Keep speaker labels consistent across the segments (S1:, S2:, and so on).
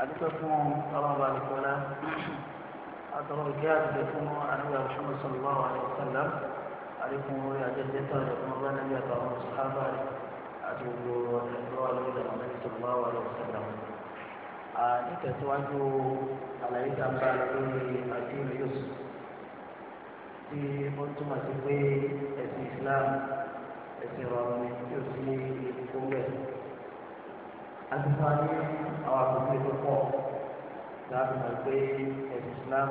S1: adúpẹ́ fún ọlọ́ọ̀bà nìkọ́lá àtọ̀rọ̀ ìkẹ́ àtúndẹ̀ fún àníwá ìṣúná sọ̀rọ̀ àwọn ọ̀sánlá àríkún orí àjẹjẹtọ̀ rẹ̀ fún ọba nàbí àtàwọn ọ̀sánlá rẹ̀ àti gbogbo ẹ̀rọ àlọ́ọ̀lá nàbí sọ̀rọ̀ àwọn ọ̀sánlá. nítẹ̀síwájú àlàyé tá a bá lórí àdéhùn yóò tí ó túmọ̀ sí pé ẹ̀sìn Islam ẹ̀sìn ìrọ̀rùn yóò sí ìfowópamọ́ àti fún wa ní àwọn àkókò tó pọ̀ láti mọ̀ pé ẹ̀sìn Islam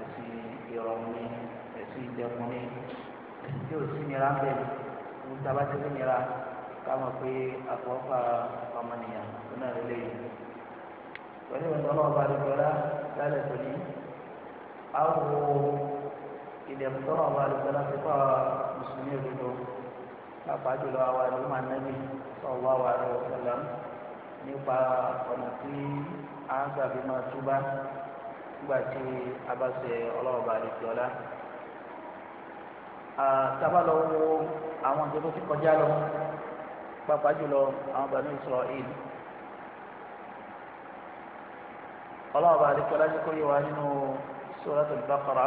S1: ẹ̀sìn ìrọ̀rùn ni ẹ̀sìn ìjẹun ni
S2: ẹ̀sìn tí ò sí nira ń bẹ̀rẹ̀ ní
S1: taba tí ó nira ká mọ̀ pé àfọwọ́fà ọmọnìyàn tó náà lélẹ̀ yìí. pẹ̀lú ìwọ̀n náà ọba àdúgbòlá lálẹ́ tó ní àwọn
S2: ìdẹ̀kùn tó náà ọba àdúgbòlá ti kọ́
S1: mùsùlùmí òdodo pàápàá jùlọ àwọn àdúgbò ànábì nípa ọ̀nà tí a ń sàfi máa túbá nígbà tí a bá ṣe ọlọ́ọ̀bà àdìsí ọ̀la. sábà lọ wo àwọn ìjọ tó ti kọjá lọ pàápàá jùlọ àwọn Bani Isra'il. ọlọ́ọ̀bà àdìsí ọ̀la ti kórè wá nínú Suratul Baqara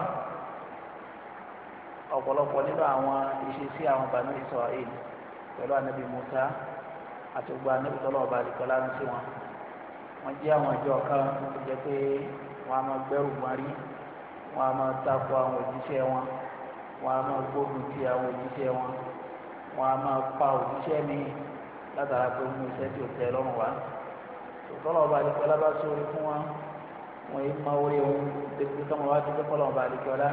S1: ọ̀pọ̀lọpọ̀ nínú àwọn ìṣesí àwọn Bani Isra'il pẹ̀lú ànábì Musa àti gbogbo anábìtọ́lọ́ ọba àdìgbọ́lá ń sí wọn wọ́n jẹ́ àwọn ìjọ kan tó jẹ́ pé wọ́n á máa gbẹ́rù gbárí wọ́n á máa takò àwọn òjíṣẹ́ wọn wọ́n á máa gbógun ti àwọn òjíṣẹ́ wọn wọ́n á máa pa òjíṣẹ́ mi látara pé mú iṣẹ́ tí ò tẹ́ lọ́rùn wá tọ́lọ́ ọba àdìgbọ́lá bá sórí fún wọn wọ́n yìí máa wọlé wọn pépé kọ́mọ wá ti dẹ́kọ́ lọ́wọ́ ọba àdìgbọ́lá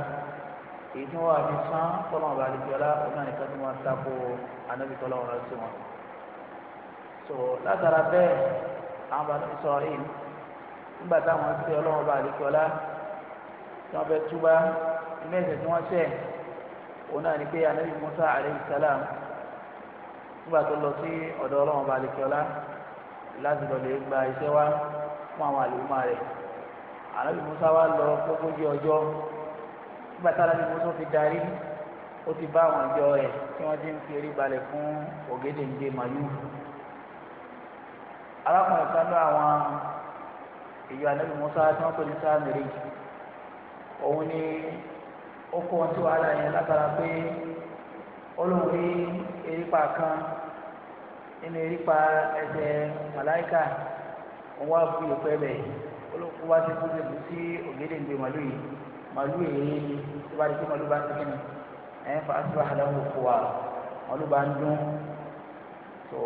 S1: èyí tí wọ́n wà ní sán kọ́mọ ọba àdìgbọ́lá ọ̀nà ìkàtúmọ̀ so látara bẹ́ẹ̀ àwọn bàbá mi sọ yìí nígbà táwọn ti ọlọ́wọ́n bá àdékọ́lá tí wọ́n fẹ́ túbá ilé ẹ̀sẹ̀ tí wọ́n ṣẹ̀ òun náà ni pé anabi musa alayhi salam nígbà tó lọ sí ọ̀dọ̀ ọlọ́wọ́n bá àdékọ́lá láti lọ lè gba iṣẹ́ wá fún àwọn àlùmọ́ rẹ̀ anabi musa wá lọ gbogbo ọjọ́ nígbà táwọn anabi musa fi darí ó ti bá àwọn ìjọ rẹ̀ tí wọ́n ti ń fi eré balẹ̀ fún ògédèǹdè màlúù arákùnrin kan lọ àwọn ìjọ ànábì Musa tí wọ́n pè ní sáàmìrì òun ni ó kó ohun tí wàhálà yẹn látara pé olóhùn rí erípa kan nínú erípa ẹsẹ̀ màláìkà òun wá fi òpẹ bẹ olóhùn wá sí kúndé bù sí ògèdè ìgbé màlúù yìí màlúù èyí tó bá di pé màlúù bá ti kíni ẹ̀ ń fa aṣọ àdáwò fún wa màlúù bá ń dún so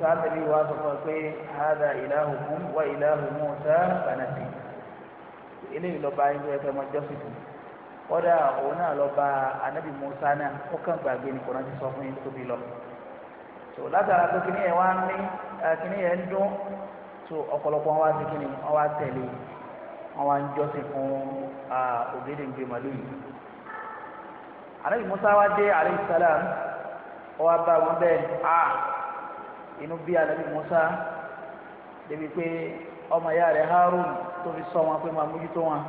S1: sáàtẹ̀lì wa sọ fún ẹ pé hada ilahukum wa ilahu Musa fanasi eléyìí lọ́ba ẹni ẹgbẹ́ ọmọ jọ́sìn fún kọ́dà òun náà lọ́ba anabi Musa náà ó kàn gbàgbé ní kọ́nà ti sọ fún yín tóbi lọ so látara pé kíní yẹn wá ń mí kíní yẹn ń dún so ọ̀pọ̀lọpọ̀ wọn wá sí kíní wọn wá tẹ̀lé wọn wá ń jọ́sìn fún ògbédèǹgbè màlúù yìí anabi Musa wá dé alayhi inú bí anabi musa débi pé ọmọ ya rẹ̀ harun tó fi sọ wọn pé máa mójútó wọn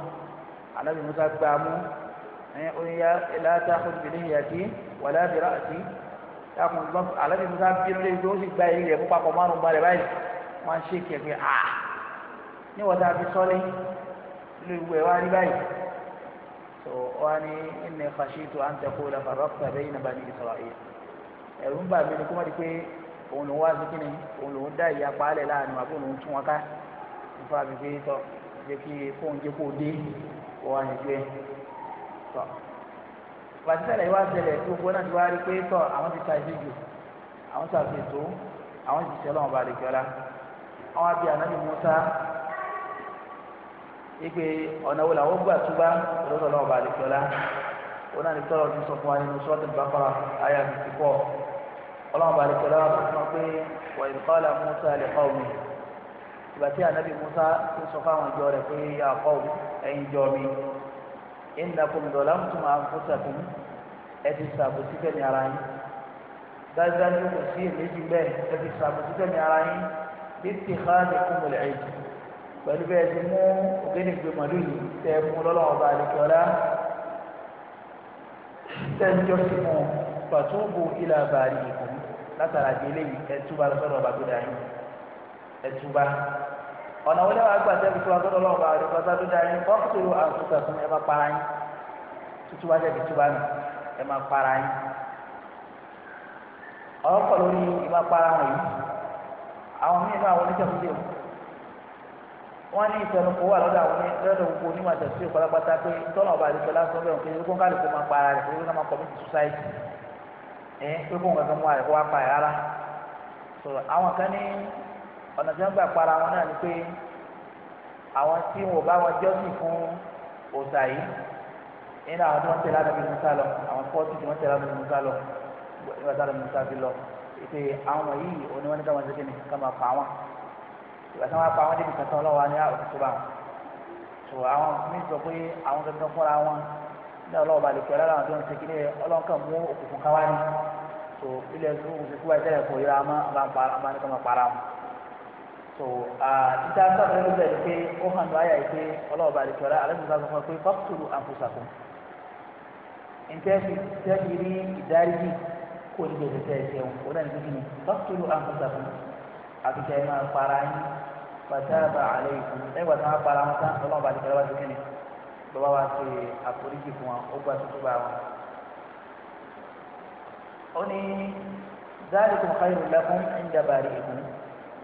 S1: anabi musa gbà mú ẹ oníyà láti àkọsílẹ̀ ìyàtí wàlẹ́ àbírà àti yàtọ̀ gbọ́n anabi musa bínú débi pé ó sì gba ìrìn rẹ̀ fún papọ̀ márùn-ún balẹ̀ báyìí wọ́n á ṣe kẹ̀ pé a
S2: ní wọ́n fi sọ́lé lórí ìwé wa rí báyìí
S1: tó wá ní inni khashitu an taqula farraqta bayna bani isra'il ẹ̀rù ń bà mí ni kó má di pé òun lòun wá sí kíni òun lòun dá ìyapa alẹ̀ láàrin àbí òun tún wọn ká nípa àbíké tọ jẹ́ kí fóun jẹ́ kó dé kó wá yẹn gbé tọ. pàṣípàlẹ̀ ìwà ṣẹlẹ̀ tí gbogbo náà ti wá rí pé tọ àwọn ti ta ìdíjù àwọn ti àṣètò àwọn ti ṣẹlẹ̀ wọn balẹ̀ jọra àwọn àbí ànábì Musa ìgbé ọ̀nà wo làwọn gbà túbá lọ́dọ̀ náà balẹ̀ jọra wọn náà ní tọ́lọ̀ ti sọ fún wa nínú sọ́ọ̀tì ọlọ́run bàálẹ̀ pẹ̀lú àwọn àbúrò pé wọ́n ń kọ́lá musa lè kọ́ mi ìgbà tí ànábì musa tó sọ fáwọn ìjọ rẹ̀ pé yà kọ́ mi ẹ̀yin jọ mi ìnàkùn dọ̀là ń tún máa ń fún sàkùn ẹ ti sàbòsí fẹ́mi ara yín dájúdájú kò sí èméjì bẹ́ẹ̀ ẹ ti sàbòsí fẹ́mi ara yín títí ká ní kúmọ̀lẹ̀ ẹ̀jẹ̀ pẹ̀lú bẹ́ẹ̀ ti mú ògbénìgbè màlúù yìí tẹ mú lọ́lọ́run bàálẹ̀ látara di eléyìí ẹtúba lọ́sọ̀rọ̀ ọba tó dá yín ẹtúba ọ̀nà wọlé wa gba sẹ́bi tó wà sọ́dọ̀ lọ́wọ́ ọba tó dá yín kọ́kùtù àtúntà fún ẹ bá para yín tútù wá sẹ́bi túba nù ẹ má para yín ọ̀rọ̀ pọ̀ lórí ìmá para wọn yìí àwọn míì náà àwọn oníṣẹ́ fúnlẹ̀ wọ́n ní ìfẹnukò wà lọ́dọ̀ àwọn lọ́dọ̀ gbogbo onímọ̀ àtẹ̀sí ìpàlápàtà pé tọ́nà ọba àdìsọ́lá sọ́bẹ̀ òkè ló kọ́ńkálùkù máa para rẹ̀ pé ó náà máa kọ́ ẹ pé kó nǹkan kan mú àrẹ̀kọ́ wá pa ẹ̀ rárá sọ̀rọ̀ àwọn kan ní ọ̀nà tí wọ́n gbà para wọn náà ni pé àwọn tí wọn ò bá wọn jọ́sìn fún òòṣà yìí nínú àwọn tí wọ́n tẹ̀lé àdàbí musa lọ àwọn fọ́ọ̀tì tí wọ́n tẹ̀lé àdàbí musa lọ nígbà tí àdàbí musa fi lọ ìpè àwọn yìí òní wọn ní káwọn ṣẹ́kìnì káwọn pa wọn ìgbà tí wọ́n pa wọn débi kankan lọ́wọ́ ni ah, àwọn tó bá wọn. sọ àwọn mi sọ pé àwọn kankan fúnra wọn ní ọlọ́wọ́ bá lè kí ọlọ́wọ́ àwọn tó ń ṣe kí ní ọlọ́wọ́ mú òkùnkùn kan wá ní so ilẹ̀ ìṣòro kò sí fúwa ìṣẹ̀lẹ̀ kò yíra mọ́ abánikọ́ máa para mu so títa sábà ló bẹ̀rẹ̀ pé ó hàn ní àyà pé ọlọ́wọ́ bá lè kí ọlọ́wọ́ alẹ́ nìkan sọ fún ẹ pé fọ́kùtù àǹfọ̀sàkùn ntẹ́sí rí ìdáríjì kó o ní gbèsè tẹ̀ ẹ̀sẹ̀ wọn kó o náà ní kíkì ní fọ́kùtù àǹfọ̀sàkùn àtúntẹ̀ máa para yín pàtàkì àlẹ́ ìkùn lọ́wọ́ wa ṣe àforíjì fún wa ó gba tuntun bá wọn. ó ní zalikum khairun lakum inda bari'ikum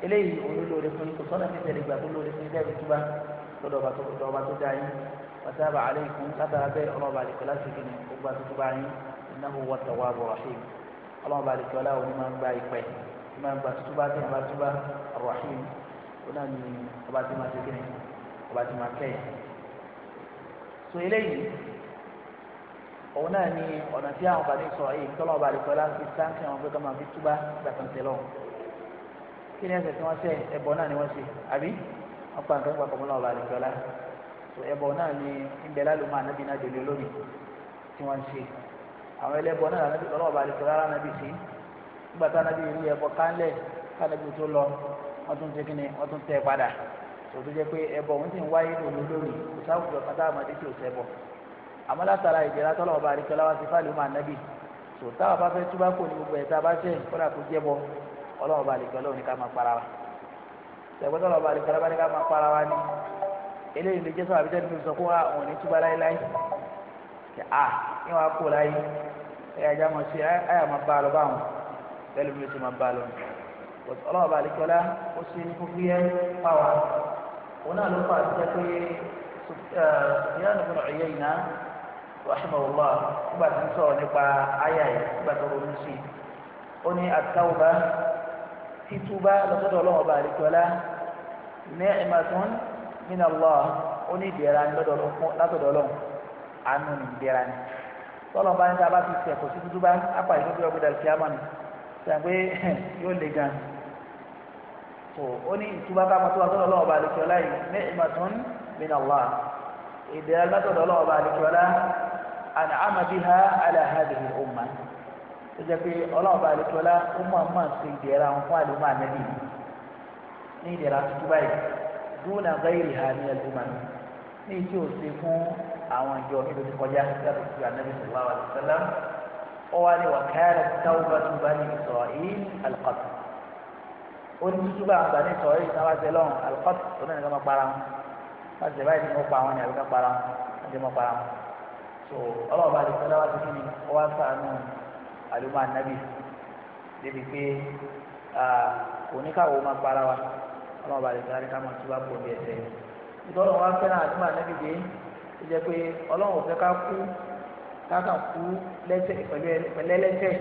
S1: eléyìí òun lóore fún yín kò sọ́nà tí tẹ̀lé gbà tó lóore fún yín dẹ́bi túbá lọ́dọ̀ ọba tó lọ́dọ̀ ọba tó dá yín wàtàbà alaykum látara bẹ́ẹ̀ ọlọ́ọ̀bà àlèkò láti fi ní ó gba tuntun bá yín innahu huwa tawwabur rahim ọlọ́ọ̀bà àlèkò aláwọ̀ ni máa ń gba ìpẹ́ ni ń gba tuntun bá tẹ̀ ọba tuntun bá rahim ó náà ní ọba tí máa ṣe kí ọba tí máa kẹ́yìn so eléyìí òun náà ni ọ̀nà tí àwọn bàbá sọ èyí tọ́lọ́ ọba àdìpọ̀ láti sáńkì àwọn gbẹ́gbẹ́ máa fi túbá gbàtàn tẹ̀lọ́ kí ni ẹsẹ̀ tí wọ́n ṣe ẹbọ náà ni wọ́n ṣe àbí wọ́n pa nǹkan pàpọ̀ mọ́lá ọba àdìpọ̀ lá so ẹbọ náà ni ìbẹ̀ lálùmọ́ ànábì náà jòlè olómi tí wọ́n ṣe àwọn ẹlẹ́bọ náà ànábì tọ́lọ́ ọba àdìpọ̀ lá ànábì sí nígbà tá ànábì rí ẹbọ ni wọ́n tún tẹ̀ tòtò jẹ́ pé ẹbọ òun sì ń wáyé lónìí lónìí kò sáwùjọ kátà àmàdé tí ò sẹbọ àmọ́ látara ìjẹra tọlọ ọba àríkẹlá wa ti fáìlì máa nábì tò táwọn bá fẹ́ túbá kò ní gbogbo ẹ tá a bá ṣe kódà kó jẹbọ Ọlọ́run ọba àríkẹlá òní ká máa para wa tẹgbẹ tọlọ ọba àríkẹlá bá ní ká máa para wa ni eléyìí lè jẹ sọ àbíjẹ nínú sọ fún wa ah, òun ní túbá láéláé kí a ah, ní wàá kó láyé ẹ ajá máa ṣe àyà máa bá a lọ báwọn bẹ́ẹ̀ ló ń ṣe máa bá a lọ Ọlọ́run ọba àríkẹlá ó ṣe ní òun náà ló fà á jẹ́ pé Sufyan ibn Uyayna rahimahullah nígbà tí ń sọ̀rọ̀ nípa àyà yìí nígbà tó ronú sí i ó ní àtàwùbá títúbá lọ́sọ̀dọ̀ ọlọ́wọ́ bá àdìgbọ́lá ni'matun min Allah ó ní ìdẹ̀ra látọ̀dọ̀ ọlọ́wọ́ àánú ní ìdẹ̀ra ni tọ́lọ̀ bá ń ta bá ti sẹ̀kọ̀ sí tútúbá ápàdé tó bí ọgbẹ́dà kí á mọ̀ sàgbé yóò le gan tó ó ní ìtúbá ká pàtó àtọ́nà ọlọ́wọ́ bá àlekí ọlá yìí ní ìmọ̀tún min Allah ìdè alátọ̀dọ̀ ọlọ́wọ́ bá àlekí ọlá àná àmàbí ha aláhàdìrì ọmọ tó jẹ́ pé ọlọ́wọ́ bá àlekí ọlá ó mọ̀ mọ̀ sí ìdẹ̀ra wọn fún àlùmọ́ ànábì ní ìdẹ̀ra tuntun báyìí dúnà gáyìrì ha ní ẹlùmọ́ ní ìdí òsè fún àwọn ìjọ níbi tó kọjá yàtọ̀ sí onídùúdú bá àwọn bàní sọ̀rọ̀ yìí sábà tẹ lọ́rùn alùpàtì oní máa para wọn láti báyìí ni mo pa àwọn ni àbíká para wọn láti mọ para wọn
S2: so ọlọ́ọ̀bá àti sọ́lá wá
S1: sí ni ó wá sànù àlùmọ́ ànábì débi pé oníkàwọ́ máa para wa ọlọ́ọ̀bá àti sọ́lá ká máa túbà pọ̀ bí ẹsẹ̀ ìtọ́nà wa fẹ́ràn àlùmọ́ ànábì dé ó jẹ́ pé ọlọ́run ò fẹ́ ká kú ká kàn kú lẹ́sẹ̀ pẹ̀lú ẹlẹ́sẹ̀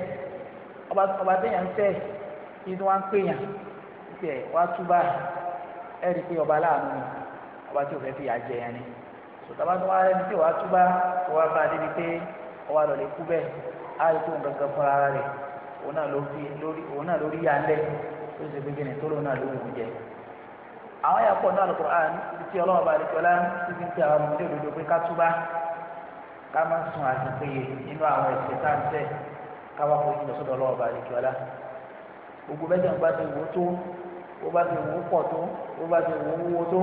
S1: ọba tẹ̀yàn ń kí ni wọ́n á pè yàn tiẹ̀ wá túbà ẹ̀rí pé ọba aláàánú ni ọba tí ò fẹ́ fi yà yẹn ni sọtaba tó wá ẹni tí ò wá túbà tó wá bá débi pé ọba lọ lè kú bẹ́ẹ̀ á rí tó nǹkan kan fúnra rẹ̀ òun náà ló fi lórí òun náà lórí yà lẹ̀ tó ṣe gbégbé ni tó lóun náà ló wù ú jẹ àwọn yà pọ̀ náà Al-Qur'an tí ọlọ́wọ́ bá dikọ̀ lá títí tí àwọn ọmọdé òdodo pé ká túbà ká má sùn àtìpéye nínú àwọn ẹ̀ṣẹ̀ tá à ń tẹ̀ ká wá fojú lọ sọ́dọ̀ ọlọ́wọ́ bá dikọ̀ lá gbogbo bẹ́ẹ̀ tó ń gbá tó ìwò tó bó bá ti wù ú pọ̀ tó bó bá ti wù ú wúwo tó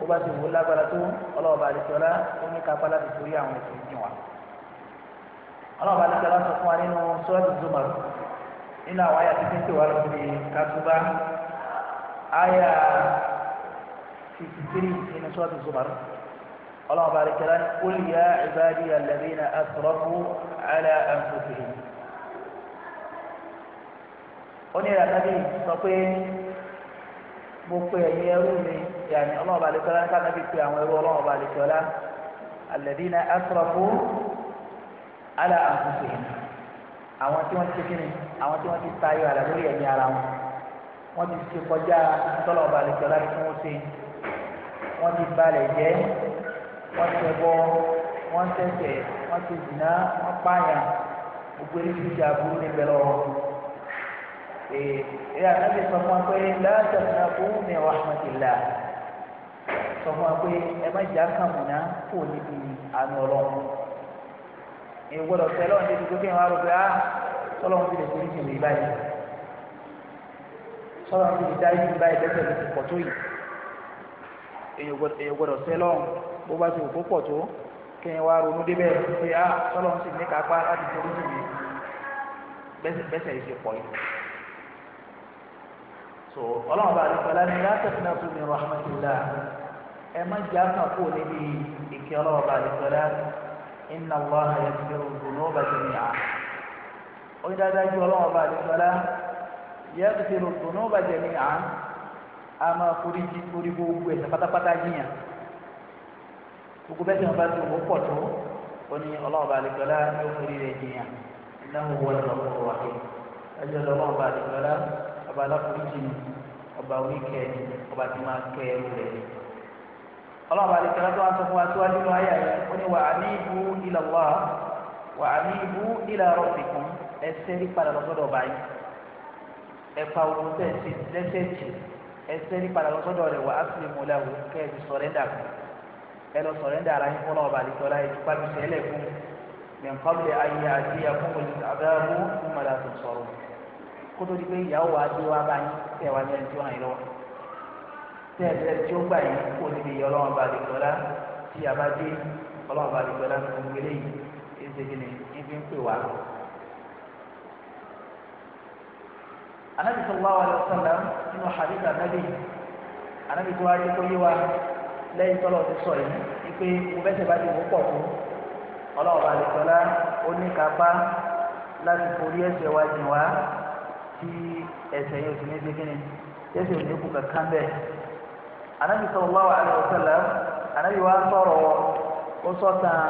S1: bó bá ti wù ú lágbára tó ọlọ́ọ̀bà àdìsọ́lá ó ní kápá láti torí àwọn ẹ̀sìn jìn wá. ọlọ́ọ̀bà àdìsọ́lá sọ fún wa nínú sọ́ọ̀tù zumar nínú àwọn àyà títí tó wà lórí katuba àyà fifty three nínú sọ́ọ̀tù zumar ọlọ́ọ̀bà àdìsọ́lá ní qul ya ibadiya alladhina asrafu ala anfusihim. ó ní ìrànlọ́bí sọ pé mo pe ẹ̀yin ẹrú mi yàní ọlọ́ọ̀bà àlekọ́lá ní káná fi pe àwọn ẹrú ọlọ́ọ̀bà àlekọ́lá alladhina asrafu ala anfusihim àwọn tí wọ́n ti kíni àwọn tí wọ́n ti tayọ àlà lórí ẹ̀mí ara wọn wọ́n ti ṣe kọjá tọ́lọ̀ọ̀bà àlekọ́lá ní fún ṣe wọ́n ti balẹ̀ jẹ́ wọ́n ti bọ́ wọ́n tẹ̀sẹ̀ wọ́n ti dìná wọ́n pààyàn gbogbo eléyìí ti àbúrú níbẹ̀ lọ́wọ́ ẹ ànábì sọ fún wa pé láti ọ̀nà òun ní rahmatillah sọ fún wa pé ẹ má jà kàmùnà kò níbi àánú ọlọ́run èyí gbọ́dọ̀ tẹ lọ́wọ́ níbi tó kéwọn arúgbó a sọlọ́run ti lè fi ìjì rí báyìí sọlọ́run ti lè dá ìjì báyìí lẹ́sẹ̀ ló ti pọ̀ tó yìí èyí gbọ́dọ̀ tẹ lọ́wọ́ bó bá ti òkú pọ̀ tó kéwọn wá ronú débẹ̀ pé a ah, sọlọ́run sì ní kápá láti fi ìjì rí bẹ́sẹ̀ bẹ́sẹ̀ ìṣe pọ̀ yìí
S2: so ọlọ́run bá nípa lẹ́nu ilé
S1: àtẹ̀sínà tó ní rahmatillah ẹ má jẹ́ àkàn kó níbi ìkẹ́ ọlọ́run bá nípa lẹ́nu inna Allaha yaghfiru dhunuba jami'a onídàájú ọlọ́run bá nípa lẹ́nu yaghfiru dhunuba jami'a a máa forí jí forí gbogbo ẹ̀ṣẹ̀ pátápátá yíyàn gbogbo bẹ́ẹ̀ tí wọ́n bá ti wọ́n pọ̀ tó ó ní ọlọ́run bá nípa lẹ́nu yóò forí rẹ̀ yíyàn innahu huwal lọ́wọ́ bá ọba aláforíjì ni ọba oníkẹ́ ni ọba tí máa kẹ́ ẹrú rẹ̀ ni. ọlọ́run àti kẹlẹ́ tó wá sọ fún wa síwájú nínú ayé àyè ó ní wà á ní ibú ila Allah wà á ní ibú ila rabbikum ẹsẹ̀ rí padà lọ́sọ́dọ̀ ọba yìí ẹ̀fà òun tẹ̀sí jì ẹsẹ̀ rí padà lọ́sọ́dọ̀ rẹ̀ wà á sì mú lẹ́wọ̀ kẹ́ ẹ ti sọ̀rẹ́ndà ẹ lọ sọ̀rẹ́ndà ara yín fún ọba àlejòlá ẹ ti pàbí sẹ́lẹ̀ fún min qabli an ya'tiyakumul 'adhabu thumma la tunsarun kótó di pé ìyàwó wa dé wá bá yín tẹ wá lẹ́yìn tí ó tẹ ẹ lẹ́yìn tí ó gbà yín kó níbi ìyá ọlọ́run bá dìgbò lá tí a bá dé ọlọ́run bá dìgbò lá fún gbélé yìí ezegele ibi ń pè wá. anabi sallallahu alaihi wasallam nínú hadith anabi anabi tó wá dé kó yé wa lẹ́yìn tọ́lọ̀ ti sọ yìí ipe mo bẹ́sẹ̀ bá ti wò pọ̀ tó ọlọ́run bá dìgbò lá ó ní kápá láti forí ẹsẹ̀ wa jìn wá tí ẹsẹ̀ yóò ti ní ṣe kí ni yẹ́sẹ̀ ò ní kú kankan bẹ́ẹ̀. anabi sallallahu alaihi wasallam anabi wa sọ̀rọ̀ ó sọ tán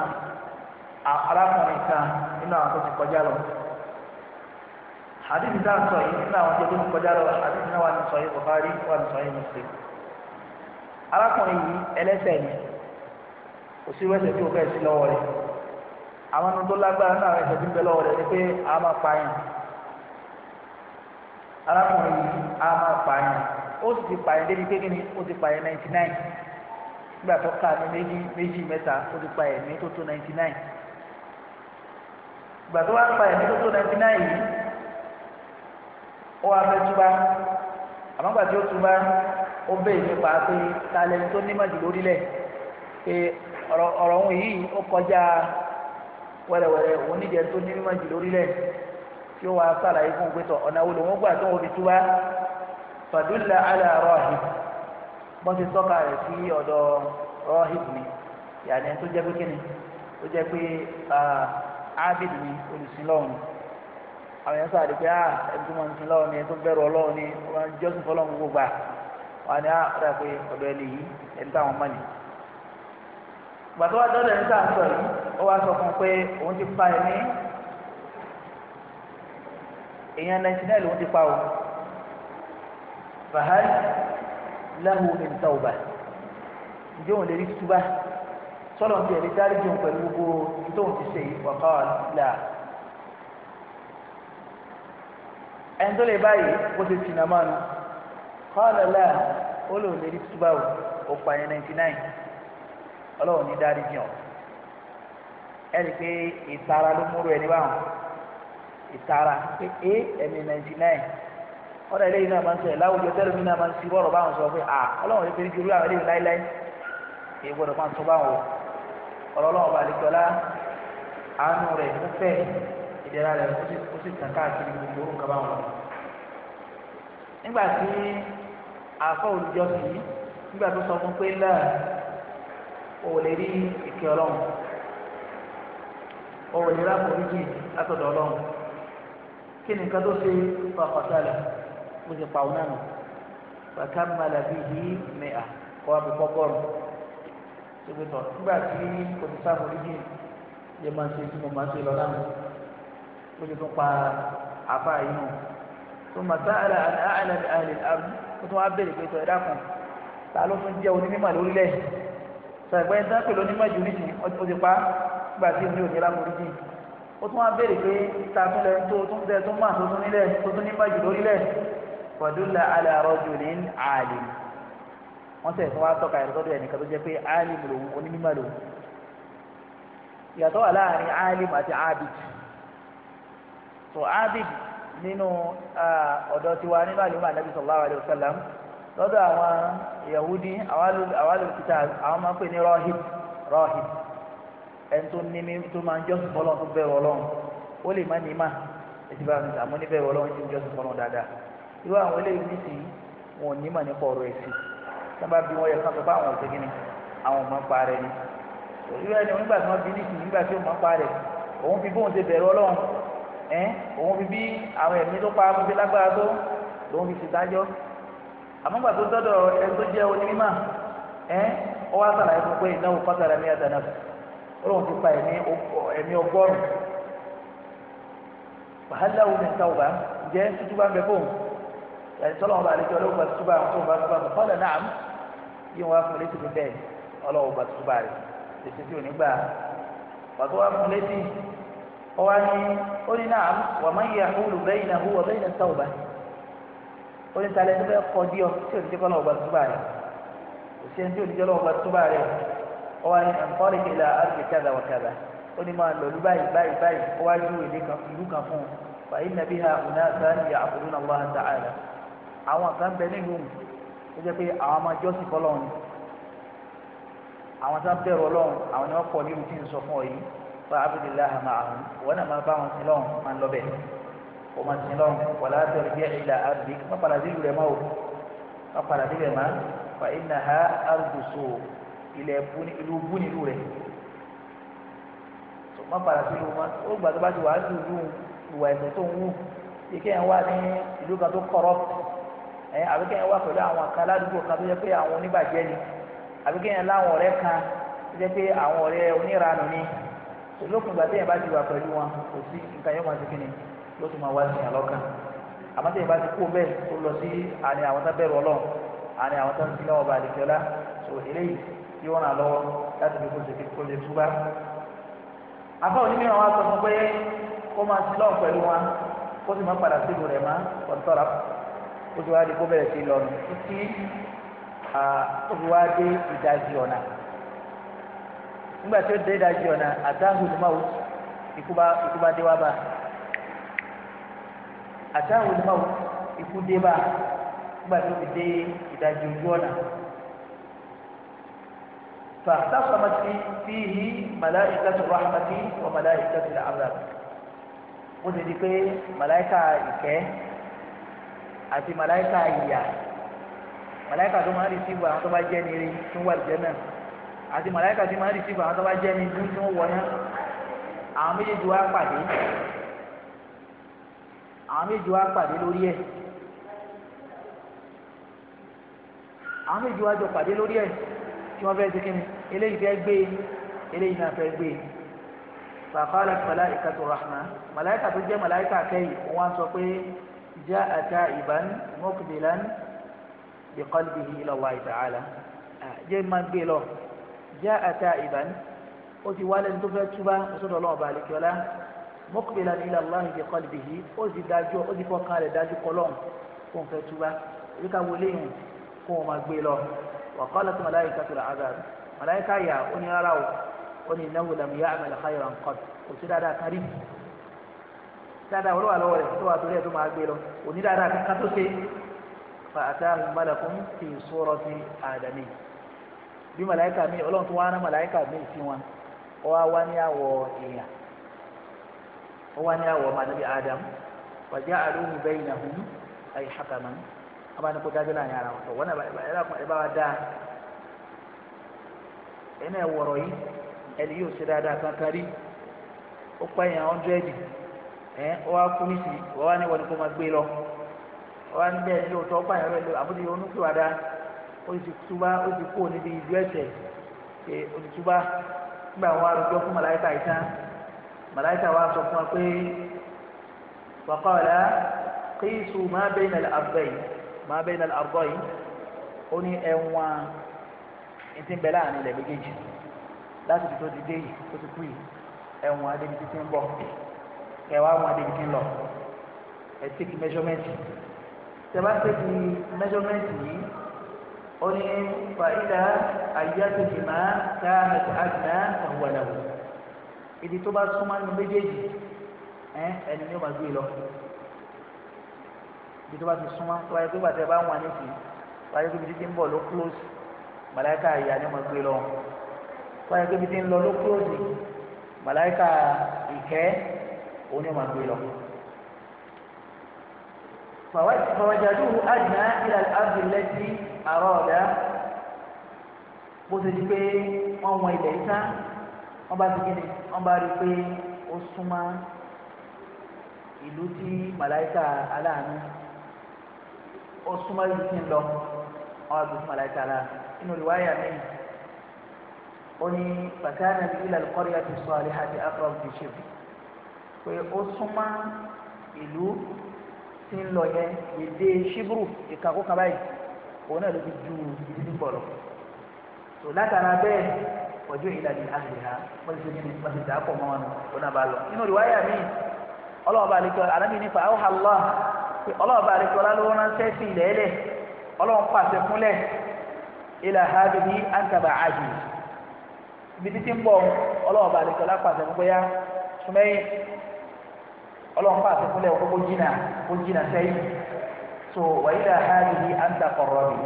S1: arákùnrin kan nínú àwọn tó ti kọjá lọ. hadith dáa sọ yìí nínú àwọn tó ti kọjá lọ hadith náà wà ní sọ yìí Bukhari wà ní sọ yìí Muslim. arákùnrin yìí ẹlẹ́sẹ̀ ni kò sí wẹ́sẹ̀ tí o fẹ́ sí lọ́wọ́ rẹ̀ àwọn tó lágbára náà ẹ̀sẹ̀ tí ń lọ́wọ́ rẹ̀ ni pé a máa pa yẹn. arákùnrin yìí á máa pààyàn ó sì ti pààyàn débi pé kíni ó ti pààyàn ninety nine nígbà tó ká ní méjì méjì mẹ́ta ó ti pààyàn ní tó tó ninety nine ìgbà tó wá pààyàn ní tó tó ninety nine yìí ó wá fẹ́ túbá àmọ́ tí ó túbá ó nípa pé ta lẹni tó ní pé ọ̀rọ̀ ọ̀rọ̀ yóò wá sàlàyé fún un pé tọ ọ̀nà wo lòun gbà tó wọn fi túbá fàdúlà àlà rọhìn wọn ti tọ́ka rẹ̀ sí ọ̀dọ̀ rọhìn ni yàrá ẹni tó jẹ́ pé kíni tó jẹ́ pé ábìlì ni olùsìnlọ́run àwọn yẹn sáré pé ah ẹni tó máa ń sin lọ́wọ́ ni ẹni tó ń bẹ̀rù ọlọ́wọ́ ni wọ́n máa ń jọ́sìn fọlọ́run gbogbo gbà wọ́n á ní ah ọ̀dà pé ọ̀dọ̀ ẹ̀ lè yí ẹni táwọn mọ̀ ni. gbàtọ́ wa dọ́dọ̀ ẹni tá à sọ yìí ó wá sọ fún un pé òun ti pa ẹ̀mí èèyàn ninety nine lòún ti pa o fahal lahu min tawba ǹjẹ́ òun lè rí túbá sọ́lọ̀ ń tiẹ̀ lè dárí jẹun pẹ̀lú gbogbo tóun ti ṣe yìí wa qala la ẹni tó lè báyìí ó ti tìǹà máa nu qala la ó lòun lè rí túbá o ó pa yẹn ninety nine ọlọ́run ní dárí jẹun ẹ̀ rí i pé ìtara ló múrò ẹni báwọn ìtara pé é ẹ̀mí ninety nine ọ̀rọ̀ eléyìí náà máa ń sẹ̀ láwùjọ tẹ́lẹ̀ mi náà máa ń sí bọ́ọ̀rọ̀ báwọn sọ pé à ọlọ́run lè fi ju irú àwọn eléyìí láíláí èyí gbọ́dọ̀ máa ń sọ báwọn ọ̀rọ̀ ọlọ́run bá lè jọlá àánú rẹ̀ ó fẹ́ ìdẹ̀ra rẹ̀ ó sì tàn káàkiri gbogbo orúkọ báwọn. nígbà tí àfọ olùjọsìn yìí nígbà tó sọ fún pé náà ò lè rí ìkẹ́ ọlọ́run ò lè rákòó méjì látọ̀dọ̀ ọlọ́run kí ni nǹkan tó ṣe fàkọsálà mo ti pàwọn náà nù bàtà malabi yìí mẹ́à kọ́ abẹ́kọ́ bọ́ọ̀lù ṣègbètò nígbà tí kò ti sáfù oríjì yẹ máa ṣe tí mo máa ṣe lọ lánàá mo ti tún pa àfa yìí nù tó màtá àlà àlà àlè àrùn mo tún wá bèrè pé tó ẹ̀dá kan ta ló tún jẹ́ onímọ̀ lórílẹ̀ sàgbẹ́ ń dápẹ́ lónímọ̀ jù níjì ó ti pa nígbà tí mo ní òní lámọ̀ oríjì ó tún wá béèrè pé takúnlẹ̀ tó tún tẹ tó máa tó tún nílẹ̀ tó tún ní bájú lórílẹ̀ fọdúnlá alárọ́jù ní àlè wọ́n tẹ̀ tó wá tọ́ka ẹ̀rọ sọ́dọ̀ ẹnìkan tó jẹ́ pé àlè lòun onímọ̀ lòun ìyàtọ̀ wà láàrin alim àti abid so abid nínú ọ̀dọ̀ tiwa nínú àlùmọ́ ànábi sallallahu alayhi wa sallam lọ́dọ̀ àwọn yahudi àwọn alùpùpù àwọn máa ń pè ní rahib rahib ẹni tó ní mi tó máa ń jọ́sìn fọlọ́n tó bẹ̀rù ọlọ́run ó lè má ní mà ètò ìbára nìta àmọ́ níbẹ̀rù ọlọ́run ti ń jọ́sìn fọlọ́n dáadáa irú àwọn eléyìí ní sí wọn ò ní mà nípa ọ̀rọ̀ ẹ̀sìn tí wọ́n bá bí wọ́n yẹ káfíń bá àwọn òṣèlú kínní àwọn ọmọ pa rẹ̀ ni irú ẹni nígbà tí wọ́n bí ní sí nígbà tí ọmọ pa rẹ̀ òun fi bóun ṣe bẹ̀rù ọlọ́run ẹ̀ òun fi bí àwọn ẹ̀mí tó pa mo fi lágbára tó lòun fi ṣèdájọ́ àmọ́ ọlọ́run ti pa ẹ̀mí ọgọ́rùn wàhálà wo ni ta ọba jẹ́ tutuba ń bẹ fóun ẹni tọ́lọ́ ọba àlejò ọlọ́run bá na àwọn tó ń bá tutuba tó kọ́lẹ̀ náà yíyan wá fún létí mi bẹ́ẹ̀ ọlọ́run bá tutuba rẹ̀ tí ò ní gbà wá fún létí ni ó ní náà wà má yẹ bẹ́yìn náà bẹ́yìn náà ta ọba ó ní talẹ́ tó kọ́ díọ̀ tí ò ní jẹ́ rẹ̀ ó wá ní àǹkọ́rì ìlà àrùkè kẹ́dà wà kẹ́dà ó ní máa lòlú báyìí báyìí báyìí ó wá ju ìlú kan fún un fa inna biha unasa ya'buduna Allah ta'ala àwọn kan bẹ nílùú ó jẹ́ pé àwọn máa jọ́sìn fọlọ́run àwọn sáà bẹ̀rù ọlọ́run àwọn ni wọ́n pọ̀ nínú tí ń sọ fún ọ yìí fa abdullahi ma'ahum wọn náà máa bá wọn sin lọ́hùn máa lọ bẹ́ẹ̀ wọ́n máa sin lọ́hùn wàlá tẹ̀lé jẹ́ ìlà àbí má ilẹ̀ ìlú bú nílù rẹ̀ tó má padà sí ìlú ma ó gbà tó bá ti wàá ju ìlú ìwà ẹ̀sẹ̀ tó ń wù kí kéèyàn wà ní ìlú kan tó corrupt ẹ àbí kéèyàn wà pẹ̀lú àwọn kan ládùúgbò kan tó jẹ́ pé àwọn oníbàjẹ́ ni àbí kéèyàn láwọn ọ̀rẹ́ kan tó jẹ́ pé àwọn ọ̀rẹ́ oníranù ni tó lókun ìgbà téèyàn bá ti wà pẹ̀lú wọn kò sí nǹkan yóò máa ti kíni ló tún máa wá sí àlọ́kàn àmọ́ téèyàn bá ti kó bẹ́ẹ̀ tó lọ sí àní àwọn tó bẹ̀rù ọlọ́run àní àwọn tó ń sin náà ọba àdìjọ́lá tó eléyìí yóò ràn lọ́wọ́ láti fi kóso kí kó lè túbá. àbá onímọ̀ wa sọ fún pé kó máa ti lọ́ọ̀ pẹ̀lú wa kó sì máa padà sílùú rẹ̀ má kọ̀ǹtọ́ra kó sì wá di kó bẹ̀rẹ̀ sí lọ́nu títí kó sì wá dé ìdajì ọ̀nà nígbà tí ó dé ìdajì ọ̀nà àtàhùn máa ìkúba ìkúba dé wá bá àtàhùn máa ìkú dé bá nígbà tí ó fi dé ìdajì ojú ọ̀nà. فاختصمت فيه ملائكة الرحمة وملائكة العذاب ó ti di pé màláìka ìkẹ́ àti màláìka ìyà màláìka tó máa ń rìsíìbù àwọn tó bá jẹ́ ní rí tó wà lùjẹ́ náà àti màláìka tó máa ń rìsíìbù àwọn tó bá jẹ́ ní ibú tó wọ̀ tí wọ́n fẹ́ ṣe kíni eléyìí fẹ́ gbé e eléyìí náà fẹ́ gbé e fàkàlà màláìka tó rahma màláìka tó jẹ́ màláìka kẹ́yì wọ́n sọ pé já ata ìbán mọ́kùdìlán bí qalbihi ila Allah ta'ala jẹ́ máa gbé e lọ já ata ìbán ó ti wálé ní tó fẹ́ túbá sọ́dọ̀ ọlọ́wọ́ bá àlekíọ́lá mọ́kùdìlán ila وقالت ملائكة العذاب ملائكة يا أني رأوا أني إنه لم يعمل خيرا قط قلت هذا كريم dáadáa olówó àlọ́wọ́ rẹ̀ tó wà torí ẹ̀ tó máa gbé lọ òní dáadáa kankan tó ṣe fa àtàwọn malakun fi sọ̀rọ̀ sí àdàmì bí màláìka mi ọlọ́run tó wá ná màláìka mi sí wọn ó wá wá ní àwọ̀ èèyàn ó wá ní àwọ̀ màdàbí àdàm wàjá àlóhùn bẹ́yìn náà hùn àyè hàkàmán ọba ní kó dájọ́ láàrin ara wọn sọ wọn náà ẹ bá wa dáa ẹni ẹ wọ̀rọ̀ yìí ẹni yóò ṣe dáadáa kankan rí ó pa èèyàn ọ̀ndẹ́ẹ̀dì ẹ ọ wá kú nísì wọ́n wá ní wọn ni kó máa gbé lọ wọ́n wá ní ní òótọ́ ọ̀pá èèyàn lọ àbúrò yìí onúkúwàdá ó ti túbá ó ti kú níbi ìlú ẹ̀sẹ̀ ṣe ó ti túbá nígbà wọn arúgbó fún màláìka ìtàn màláìka wa sọ fún wa pé wàkọ́ ọ̀la kí ma bayna al-ardayn ó ní ẹ̀wọ̀n ẹtí ń bẹ láàrin ilẹ̀ méjèèjì láti ibi tó ti dé yìí tó ti kú yìí ẹ̀wọ̀n adébi títí ń bọ̀ kẹwàá àwọn adébi tí ń lọ ẹ take measurement tẹ́lá take measurement yìí ó ní fàyídà àyíyáṣẹ́jì máa ká mẹ́ta àgbà àwọ̀dàwọ̀ ibi tó bá súnmọ́ ní méjèèjì ẹni ni ó máa gbé lọ bí tó bá ti súnmọ́ tó wáyé pé gbàtẹ́ bá wà nísì wáyé pé bìtí ti ń bọ̀ ló close màláìka ìyá ni mo gbé lọ wáyé pé bìtí ń lọ ló close màláìka ìkẹ́ òun ni mo gbé lọ. فوجدوه أدنى إلى الأرض التي أراد bó ṣe di pé wọ́n wọn ilẹ̀ yìí tán wọ́n bá ti gíní wọ́n bá rí i pé ó súnmọ́ ìlú tí màláìka aláàánú súnmọ́ ibi tí ń lọ àwọn àgbẹ̀ màláìkàlà inú rẹ̀ wáyà mí ó ní bàtàna ilà kọ́ríyà ti sọ àlẹ́ àti afrop ti ṣe pé ó súnmọ́ ìlú tí ń lọ yẹn èdè ṣíbùrù ìkàkókà báyìí òun náà ló ti ju ìdí ní bọ̀lọ̀ tó látara bẹ́ẹ̀ ọjọ́ ìlànà àgbèrà wọ́n ti ṣe ní wọ́n ti dà á pọ̀ mọ́ wọn lọ́nà bá lọ inú rẹ̀ wáyà mí ọlọ́wọ́ ọlọ́ọ̀bà àdìsọ́lá ló ránṣẹ́ sí ilẹ̀ ẹlẹ̀ ọlọ́run pàṣẹ fúnlẹ̀ ilà hábìbí àǹtàbà àjù ibi títí ń bọ̀ ọlọ́ọ̀bà àdìsọ́lá pàṣẹ fún bóyá sùmẹ́yìn ọlọ́run pàṣẹ fúnlẹ̀ kókó jìnnà kó jìnnà sẹ́yìn so wà ilà hábìbí àǹtàkọ̀rọ̀ mi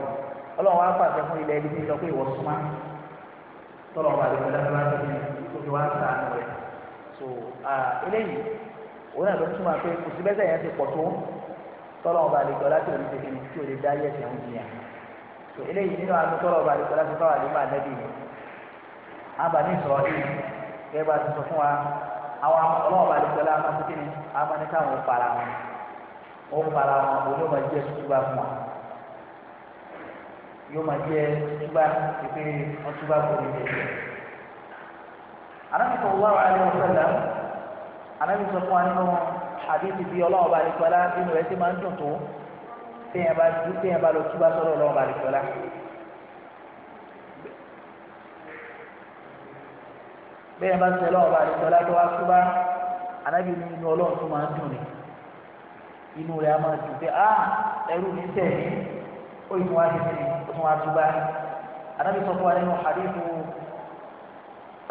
S1: ọlọ́run wá pàṣẹ fún ilẹ̀ ibi títí lọ pé ìwọ súnmá tọ́lọ́ọ̀bà àdìsọ́lá ló ránṣẹ́ sí ilẹ̀ tọ́lọ̀ ọba àlejò láti òní ṣe kíni tí ò lè dá ayé ẹ̀sìn òun nìyà tó eléyìí nínú àánú tọ́lọ̀ ọba àlejò láti fáwọn àlejò ànábì abàní sọ̀rọ̀ yìí kẹ́gbà ti sọ fún wa àwọn ọlọ́ọ̀bà àlejò láti máa ṣe kíni amání káwọn ò para wọn ó para wọn olóòmọ jẹ túbà fún wa yóò máa jẹ túbà pípé wọn túbà fún mi lẹ́yìn anábìsọ̀ wà fún wa nínú wọn àbí ti fi ọlọ́wọ́ bá nìkan lá nínú rẹ̀ ti máa ń dùn tó téèyàn bá dú téèyàn bá lọ túbá sọ́dọ̀ ọlọ́wọ́ bá nìkan lá. bẹ́ẹ̀ bá sẹ́ lọ́wọ́ bá nìkan lá tó wá túbá anábì ní inú ọlọ́run tó máa ń dùn ni inú rẹ̀ á máa dùn pé á ẹrú mi tẹ̀ mí ó yìí wá sí mi ó tún wá túbá anábì sọ fún wa nínú hadithu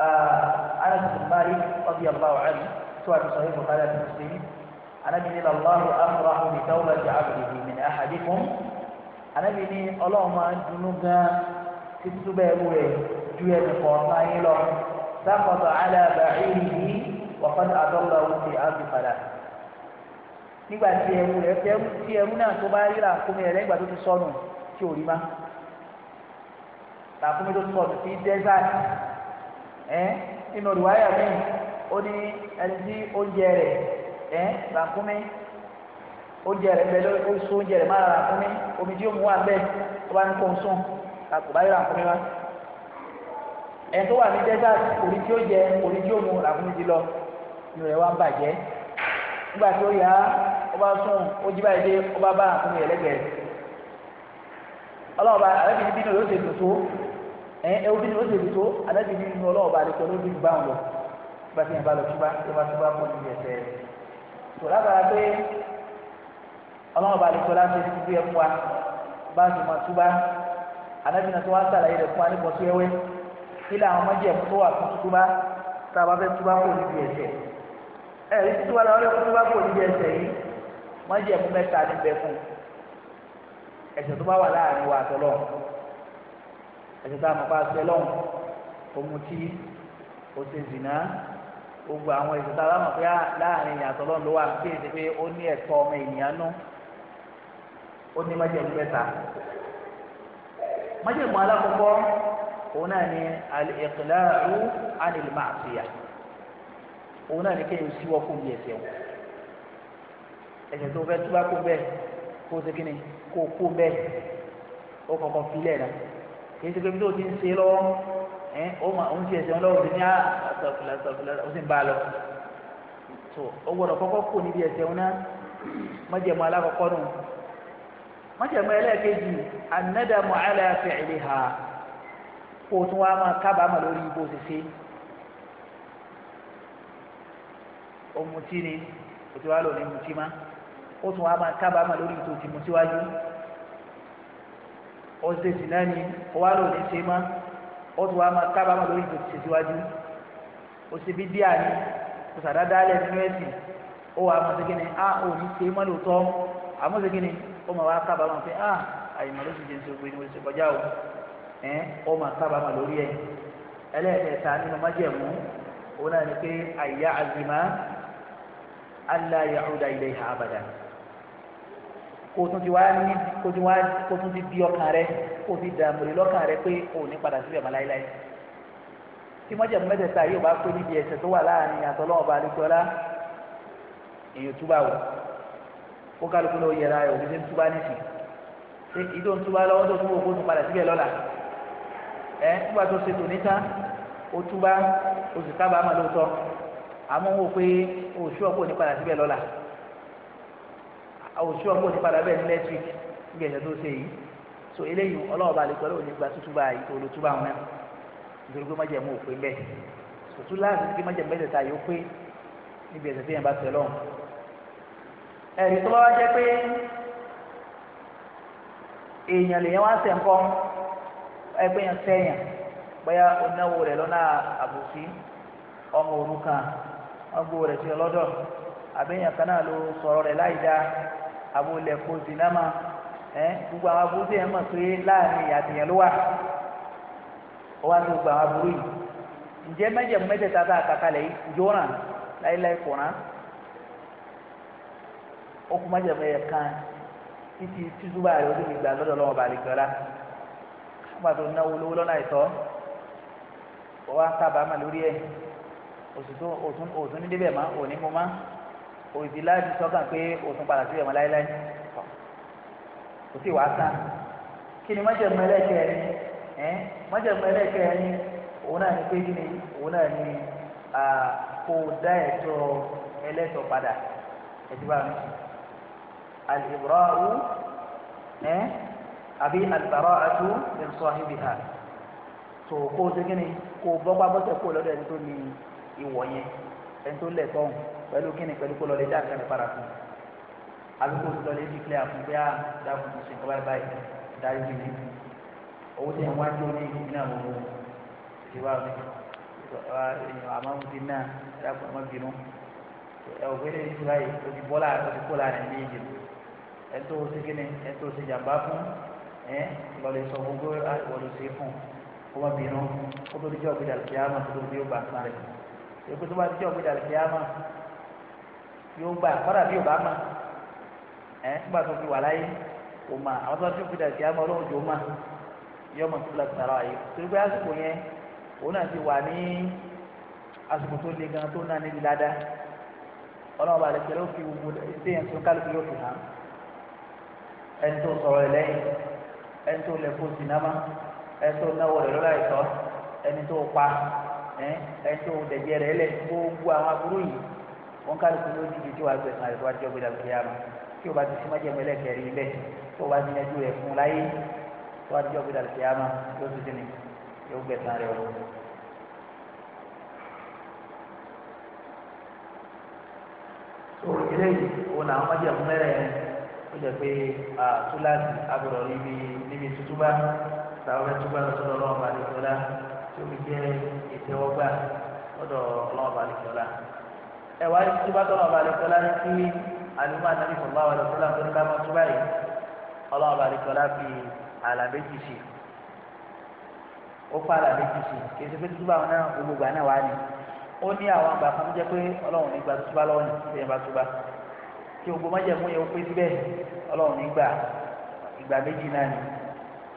S1: ah, Anas bin Malik radiyallahu anhu tó wà ní sọ̀rọ̀ anabi ni lallahu amrahu bi tawbati abdihi min ahadikum anabi ni ọlọ́run máa ń dunú gan títú bẹ́ẹ̀ wú rẹ̀ ju ẹnì kọ̀ọ̀kan yín lọ sáfọ̀tọ̀ alábàáyé yìí wọ́pọ̀n àdọ́gba wù sí àbípadà nígbà tí ẹrú rẹ̀ tí ẹrú náà tó bá ríra kómi rẹ̀ nígbà tó ti sọnù tí ò rí má làkúmi tó sọnù sí dẹ́sát ẹ́ nínú ìwáyà mi ó ní ẹni tí oúnjẹ rẹ̀ ẹ ràkúnmí oúnjẹ rẹ bẹ lórí oṣù oúnjẹ rẹ má ra ràkúnmí omi tí o mu wà bẹ tó bá ní kó ń sùn kò bá yẹ ràkúnmí wá ẹ tó wà ní desert orí tí ó jẹ orí tí ó mu ràkúnmí ti lọ inú rẹ wá ń bàjẹ́ nígbà tí ó yá ó bá sùn ó jí báyìí dé ó bá bá ràkúnmí rẹ lẹ́gbẹ̀ẹ́ ọlọ́ọ̀ba àlẹ́bìnrin bínú ló ṣe dùn tó ẹ ẹ obìnrin ló ṣe dùn tó àlẹ́bìnrin bínú ọlọ́ọ̀ba àlẹ́kọ̀ọ́ ló dùn báwọn nígbà tí yẹn bá lọ túbá tí bá túbá fún ìdí ẹsẹ̀ rẹ̀ tó lábàá pé ọlọ́run bá lè sọ láti fi bí ẹ̀fọ́ a bá a sì máa túbá anábì náà tó wá sàlàyé rẹ̀ fún wa nípa tiẹ́wẹ́ kílẹ̀ àwọn ọmọdé ẹ̀fọ́ tó wà fún túbá tá a bá fẹ́ túbá kò níbi ẹ̀ṣẹ̀ ẹ̀ ẹ̀ túbá làwọn ọlọ́run túbá kò níbi ẹ̀ṣẹ̀ yìí wọ́n jẹ́ ẹ̀fọ́ mẹ́ta níbẹ̀ fún ẹ̀ṣẹ̀ tó bá wà láàrin wa àtọ́lọ́ ẹ̀ṣẹ̀ tá a mọ̀ pa gbogbo àwọn ètò tààrà mọ̀ pé láàrin ìyàtọ̀ lọ́n ló wà kí èsì pé ó ní ẹ̀tọ́ ọmọ ènìyàn nú ó ní májèmú mẹ́ta
S2: májèmú alákọ̀ọ́kọ́
S1: òun náà ni al-iqla'u 'an al-ma'siyah òun náà ni kéèyàn síwọ́ kó bí ẹsẹ̀ wọn ẹsẹ̀ tó fẹ́ túbá kó bẹ́ẹ̀ kó ṣe kíni kó kó bẹ́ẹ̀ ó kọ̀ọ̀kan fi náà kì í ṣe pé bí tó ti ń ṣe lọ́wọ́ ẹ eh, ó mà ó ń ṣe ẹsẹ̀ ọlọ́run ti ní ah, sì ń bá a lọ tó ó gbọ́dọ̀ kọ́kọ́ kù níbi ẹsẹ̀ ọ̀nà májẹ̀mú alákọ̀ọ́kọ́ nù májẹ̀mú ẹlẹ́ẹ̀kejì anádàmú aláàfẹ́ ẹ̀lẹ́ ha kó o tún wá máa kábàámà lórí ni o ti wá lò ní mùtí o tún wá ma kábàámà lórí ìtòtì mùtí wájú ọ̀sẹ̀ sì náà ni o wá lò ní ó tún wá máa kábàámọ̀ lórí ìtòsí síwájú ó ṣe bí díà ni kò sàdádálẹ̀ nínú ẹ̀sìn ó wà máa ṣe kí ni a ah, ò ní ṣe mọ́ lóòótọ́ àmọ́ ṣe ni ó máa wá kábàámọ̀ pé a ah, àyìnbó ló sì jẹ́ ṣe ògbé ni mo ṣe kọjá o ẹ̀ ó máa kábàámọ̀ lórí ẹ̀ ẹlẹ́ẹ̀kẹta nínú májẹ̀mú òun náà ni pé àyà àzìmá aláyàhúdà ilẹ̀ ìhà àbàdàn kó tún ti wá ní kó tún wá kó tún ti di ọkàn rẹ kó ti dààmú rẹ lọ́kàn rẹ pé òun ní padà síbẹ̀ mọ́ láéláé tí mọ́jà mú mẹ́tẹ̀ẹ̀ta yóò bá pé níbi ẹ̀ṣẹ̀ tó wà láàrin àtọ́lọ́wọ́ bá lójú ọlá èyàn túbà wò ó kálukú ló yẹra ẹ̀ òbí tó ń túbà nìsín ṣé ìdó ń túbà lọ́wọ́ tó túbà òkú padà síbẹ̀ lọ́la ẹ̀ nígbà tó ṣe tò níta ó túbà oṣù kábàámà lóòótọ́ àmọ́ wò pé òṣù ọ̀pọ̀ ní padà síbẹ̀ lọ́la àwòṣe ọmọ ti padà bẹ́ẹ̀ lẹ́tírìkì níbi ẹ̀sẹ̀ tó ṣe yìí so eléyìí ọlọ́ọ̀bá lè sọ lóòní gba tútù báyìí tó lo túbà wọn nítorí pé májẹ̀mú ò pé ń bẹ́ẹ̀ sòtú láti pé májẹ̀mú bẹ́ẹ̀ tẹ̀ta yóò pé níbi ẹ̀sẹ̀ bá tẹ̀ lọ́hùn. ẹ̀rí tó bá wá jẹ́ pé èèyàn wá sẹ̀ ń kọ́ àbólẹ̀kọ́ sinamá ẹ gbogbo àwọn aburú tẹ̀ ẹ mọ̀ pé láàrin àtìyàn ló wà ó wá sí gbogbo àwọn aburú yìí ǹjẹ́ mẹ́jẹ̀mú mẹ́tẹ̀ẹ̀ta tá a kàkà lẹ̀ jọ́nà láéláé kọ̀ọ̀rán ó kú mẹ́jẹ̀mú ẹ̀yẹ kan títí tìtúbà rẹ̀ ó sì gbà lọ́dọ̀ lọ́wọ́ balẹ̀ gbọ́lá wọ́n àti onáwó lówó lọ́nà àìtọ́ ó wá kábàámà lórí ẹ̀ òtún ní débẹ̀ má òní mo má òsì láti sọ́kàn pé òsùn padà sí ẹ̀wọ̀n láéláé kò sí wàá sàn kí ni mọ́jẹ̀mú ẹlẹ́kẹ̀ẹ́ni ẹ́ mọ́jẹ̀mú ẹlẹ́kẹ̀ẹ́ni òun náà ní pé kí ni òun náà ní kó dá ẹ̀tọ́ ẹlẹ́tọ̀ padà ẹ̀tí bá mi alìbùrọ̀rù ẹ́ àbí alìbàrọ̀ àtú lè sọ níbi ha tó kó o ṣe kí ni kó o bọ́ pápọ́sẹ̀ kó o lọ́dọ̀ ẹni tó ní ìwọ̀ yẹn ẹni tó lẹ̀ tọ́hún pẹ̀lú kíni pẹ̀lú kó lọ lè dá àkàrẹ̀ padà fún àbí kó lọ lè dìklẹ́ àfún bí a dákun tó ṣe nǹkan báyìí báyìí dárí jù ní
S2: owó tí wọ́n wájú
S1: ní ìlú náà wò ó ti wá mi àmọ́ mo ti náà dákun ọmọ bínú ẹ ò gbélé ìlú báyìí o ti bọ́lá o ti kóla rẹ̀ ní ìdè ẹ o ṣe kíni ẹ o ṣe jàmbá fún ẹ lọ lè sọ gbogbo àwọn olùsè fún ọmọ ah, bínú ó tó dé jọ́ èkó tó bá ti jẹ́ òkúta lè fi ama yóò gbà kọ́dà bí yóò bá ma ẹ̀ nígbà tó fi wà láyé kò ma àwọn tó bá ti jẹ́ òkúta lè fi ama ọlọ́run jò ma yóò ma kíkúlà tó tara ayé torí pé àsìkò yẹn òun náà ti wà ní àsìkò tó le gan tó náà níbi ládàá ọlọ́run bá lè fi ló gbogbo ṣé yẹn tó kálukú yóò fi hàn
S2: ẹni tó sọ̀rọ̀ ẹ̀ lẹ́yìn
S1: ẹni tó lẹ̀ ẹtọ dẹjẹ rẹ lẹ gbogbo àwọn aburú yìí wọn ká lóko lójú ju tí wàá gbẹ sàn àìsàn àjọ gbẹdà gbẹdà rẹ tí o bá ti sima jẹmẹlẹ kẹrin bẹ tí o bá ti yanjú rẹ fún láyé tí wàá jọ gbẹdà gbẹdà rẹ yóò ti sẹni yóò gbẹ sàn rẹ o. tó eléyìí òun làwọn máa jẹ fún mẹrẹ yẹn ó jẹ pé túláàsì agbọdọ níbi níbi tútúbà táwọn fẹẹ túbà lọ sọ́dọ̀ Ọlọ́run bá lè sọdá tí omi jẹ́ ìtẹ́wọ́gbà lọ́dọ̀ ọlọ́ọ̀bà àlejòlá ẹ̀wá tí bá tọ́lọ̀ ọba àlejòlá ní kí àlùmọ́ àtàlẹ́ ìfọ̀gbà wà lọ́sọ́lá tó ní ká máa túbà yìí ọlọ́ọ̀bà àlejòlá fi àlàméjì sí ó fa àlàméjì sí kì í ṣe pé túbà wọn náà gbogbo àná wà ní ó ní àwọn àgbà kan jẹ́ pé ọlọ́run ní gba túbà lọ́wọ́ ní ṣe yẹn bá túbà tí gbogbo májẹ̀mú yẹn ó pé síbẹ̀ ọlọ́run ní ìgbà méjì náà ni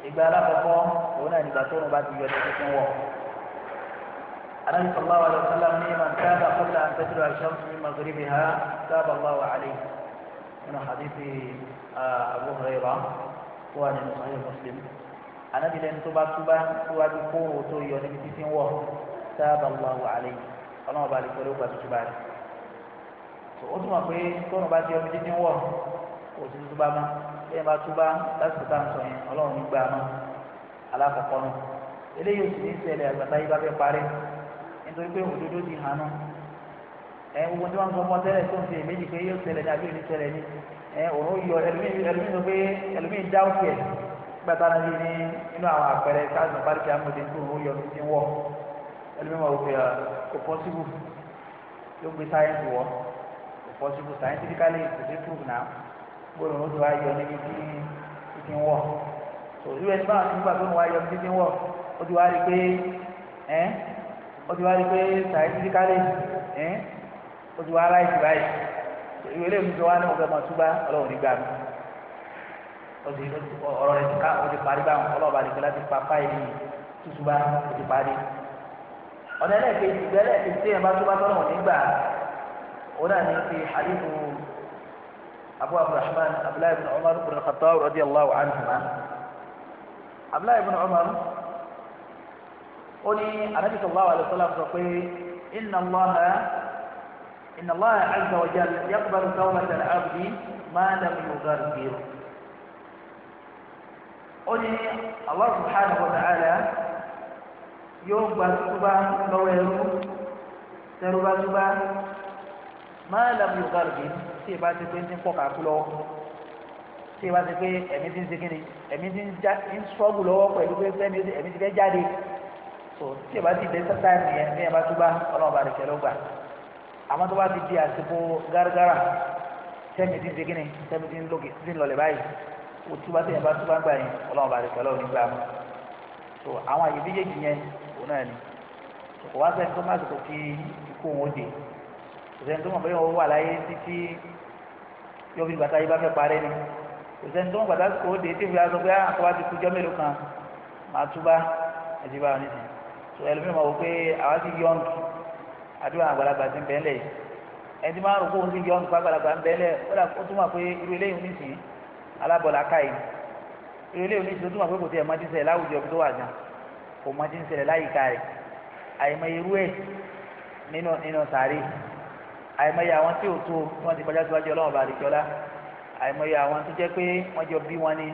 S1: ìgbà alákọ̀ọ́kọ́ òun náà nígbà tó ń bá ti yọ ẹni tuntun wọ̀. Ànábì sallallahu alaihi wasallam ní man kana qabla an tadlu ash-shamsu min maghribiha taba Allahu alayhi nínú hadithi Abu Hurairah tó wà nínú Sahih Muslim. Ànábì lẹ́nu tó bá túbá síwájú kóòrò tó yọ níbi títí wọ̀ taba Allahu alayhi ọlọ́wọ́ bá lè pẹ̀lú pàtó tó bá Ó túmọ̀ pé tóun bá ti yọ bẹ́ẹ̀ bá túbá lásìkò tá à ń sọ yẹn ọlọ́run ní gbà náà alákọ̀ọ́kọ́ náà eléyìí oṣù ní ṣẹlẹ̀ àgbàtà yìí bá fẹ́ parí nítorí pé òdodo ti hàn náà ẹ wo tí wọ́n sọ fún ọ tẹ́lẹ̀ tó ń fi èméjì pé yóò ṣẹlẹ̀ ní àbíyèmí ṣẹlẹ̀ ní ẹ òun yọ ẹlòmíì ẹlòmíì sọ pé ẹlòmíì dá òkè ẹ̀ gbàtà náà ní inú àwọn àpẹẹrẹ káàdùn bárìkì amòde tó òun yọ ti wọ ẹlòmíì wọ òkè kò pọ́sibù yóò gbé sáyẹ́ǹsì wọ kò pọ́sibù sáyẹ́ǹsì gbọ́dọ̀ wọn ti wá yọ níbi tí títí ń wọ̀ tó ìlú ẹni báwọn nígbà tó ń wá yọ títí ń wọ̀ ó ti wá rí pé ẹ́ ó ti wá rí pé sàyẹ́tìrì kálẹ̀ ẹ́ ó ti wá láìsí báyìí tó ìwé lè mú ti wá ní ọ̀gá ọmọ túbá ọlọ́run nígbà mi ọ̀rọ̀ rẹ̀ ti ká ó ti parí báwọn ọlọ́ọ̀bá nìkan láti pa fáìlì tútùbá ó ti parí ọ̀nà ẹlẹ́ẹ̀kejì ìgbẹ́lẹ́ẹ̀kejì abu abdulrahman abdullahi ibn umar ibn al-khattab radiyallahu anhuma abdullahi ibn umar ó ní anabi sallallahu alayhi wa sallam sọ pé inna allaha inna allaha azza wa jalla yaqbalu tawbata al-abdi ma lam yughargir ó ní allah subhanahu wa ta'ala yóò gba tuba lọ́wọ́ ẹrú tẹrù bá tuba ma lam yughargir tí ìbá ti pé ní pọ̀ kàkú lọ́wọ́ tí ìbá ti pé ẹ̀mí ti ń segin ni ẹ̀mí ti ń já ń sọ́gù lọ́wọ́ pẹ̀lú pé fẹ́mi ẹ̀mí ti fẹ́ jáde tó tí ìbá ti dé sátáìmù yẹn ní ẹ̀bá túbá ọlọ́run bá lè fẹ́ lọ́gbà àmọ́ tó bá ti di àsìkò gárgárà tẹ́mi ti ń segin ni tẹ́mi ti ń lókè ti ń lọlẹ̀ báyìí o túbá tí ìbá túbá gbà yẹn ọlọ́run bá lè fẹ́ lọ́wọ́ nígbà mọ́ tó àwọn àyè méjèèjì yẹn òun náà ni kò wá sẹ́ni òsèǹ tó mọ̀ pé wọ́n wà láyé títí yóò fi gbàtà yìí bá fẹ́ parẹ́ ni òsèǹ tó mọ̀ gbàtà kò dé tí ìfìyà sọ pé àkọ́ ah, bá ti kú jọ́ mélòó kan màá túbá ẹ̀jẹ̀ bá wọn nìyí tó ẹlòmíràn mọ̀ wò pé àwa ti yọ̀ǹg àdúrà àgbàlagbà ti ń bẹ́ẹ̀ lẹ̀ ẹni máa ń rò kóhun ti yọ̀ǹg àgbàlagbà ń bẹ́ẹ̀ lẹ̀ ó túmọ̀ nínú nínú sàárè àìmọye àwọn tí ò tó wọn ti kọjá síwájú ọlọ́run bá àdìjọ́lá àìmọye àwọn tó jẹ́ pé wọ́n jọ bí wọn ni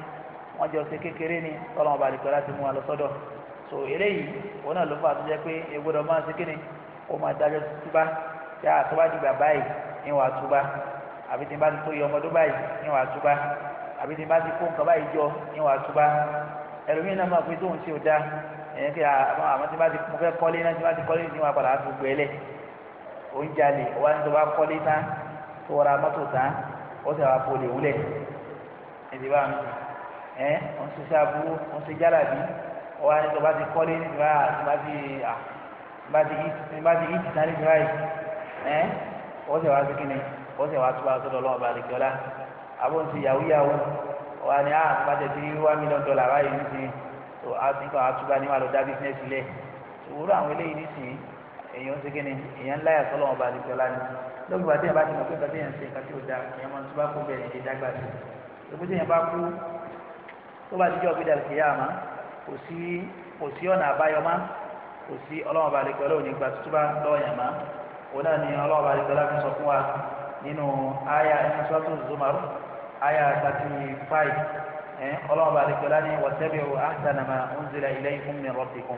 S1: wọ́n jọ ṣe kékeré ni ọlọ́run bá àdìjọ́lá ti mú wa lọ sọ́dọ̀ so eléyìí òun náà ló fà tó jẹ́ pé egbodò máa ṣe kíni kó máa dájọ́ túbá tí a tó bá di bàbá yìí ní wàá túbá àbí tí n bá ti tó iye ọmọdún báyìí ní wàá túbá àbí tí n bá ti kó nǹkan báyìí jọ ní wàá túbá ẹlòmíràn náà máa pé tóun ṣe ò dáa ẹ̀yìn kí àwọn tí n bá ti mo fẹ́ kọ́lé náà tí n bá ti kọ́lé ní wàá padà á tó gbẹ́lẹ̀ oúnjẹ alè wá ní tó bá kọ́lé tán tó ra mọ́tò tán ó sì wá polè wúlẹ̀ ẹ̀dí bá mi ẹ̀ ń ṣe sábú ń ṣe jálàbí wá ní tó bá ti kọ́lé ní bá ti bá ti à bá ti yí bá ti yí ti sáré ti báyìí ẹ̀ ó sì wá sí kíni ó sì wá tó bá tó lọ́wọ́ bá àlejò ọ̀la àbó ń ṣe yahoo yahoo wá ní ah, bá tẹ̀ sí wá mílíọ̀n dọ́là báyìí ní ti tó àtúbà ní wà lọ dá bísíǹnẹ̀sì èèyàn ṣe kíni èèyàn ńlá yàtọ̀ lọ́wọ́ ọba àdìgbò lánàá lóògùn bàtí yẹn bá ti mọ̀ pé bàtí yẹn ṣe nǹkan tí ó da èèyàn máa ń tún bá kú bẹ́ẹ̀ dágbà sí tí bá kú tó bá kò sí kò sí ọ̀nà àbáyọ má kò sí ọlọ́wọ́ bá lọ́wọ́ má náà ni ọlọ́wọ́ láti sọ fún wa nínú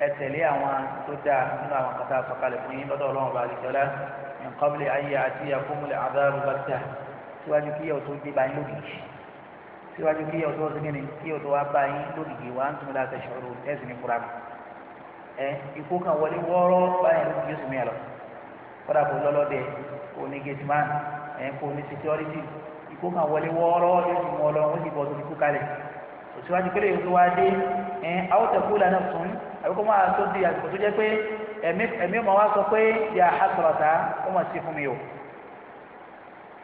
S1: ẹ tẹ̀lé àwọn tó dáa nínú àwọn kata àfọkàlẹ̀ fún yín lọ́dọ̀ ọlọ́run bá àdìjọ́lá min qabli ayé àti àkómúlẹ̀ àdáàrú bá tà síwájú kí yẹ̀wò tó gbé bá yín lógìkì síwájú kí yẹ̀wò tó wọ́n kí yẹ̀wò wá bá yín lógìkì wà á ń tún láti ṣòro ẹ̀sì ní kura mi. ẹ ikú kan wọlé wọ́ọ́rọ́ báyìí lógìkì yóò sì mìíràn kọ́dà kó lọ́lọ́dẹ kó àbí kó máa tó di àsìkò tó jẹ́ pé ẹ̀mí ẹ̀mí ọmọ wa sọ pé yà á sọ̀rọ̀ta ó mà sí fún mi o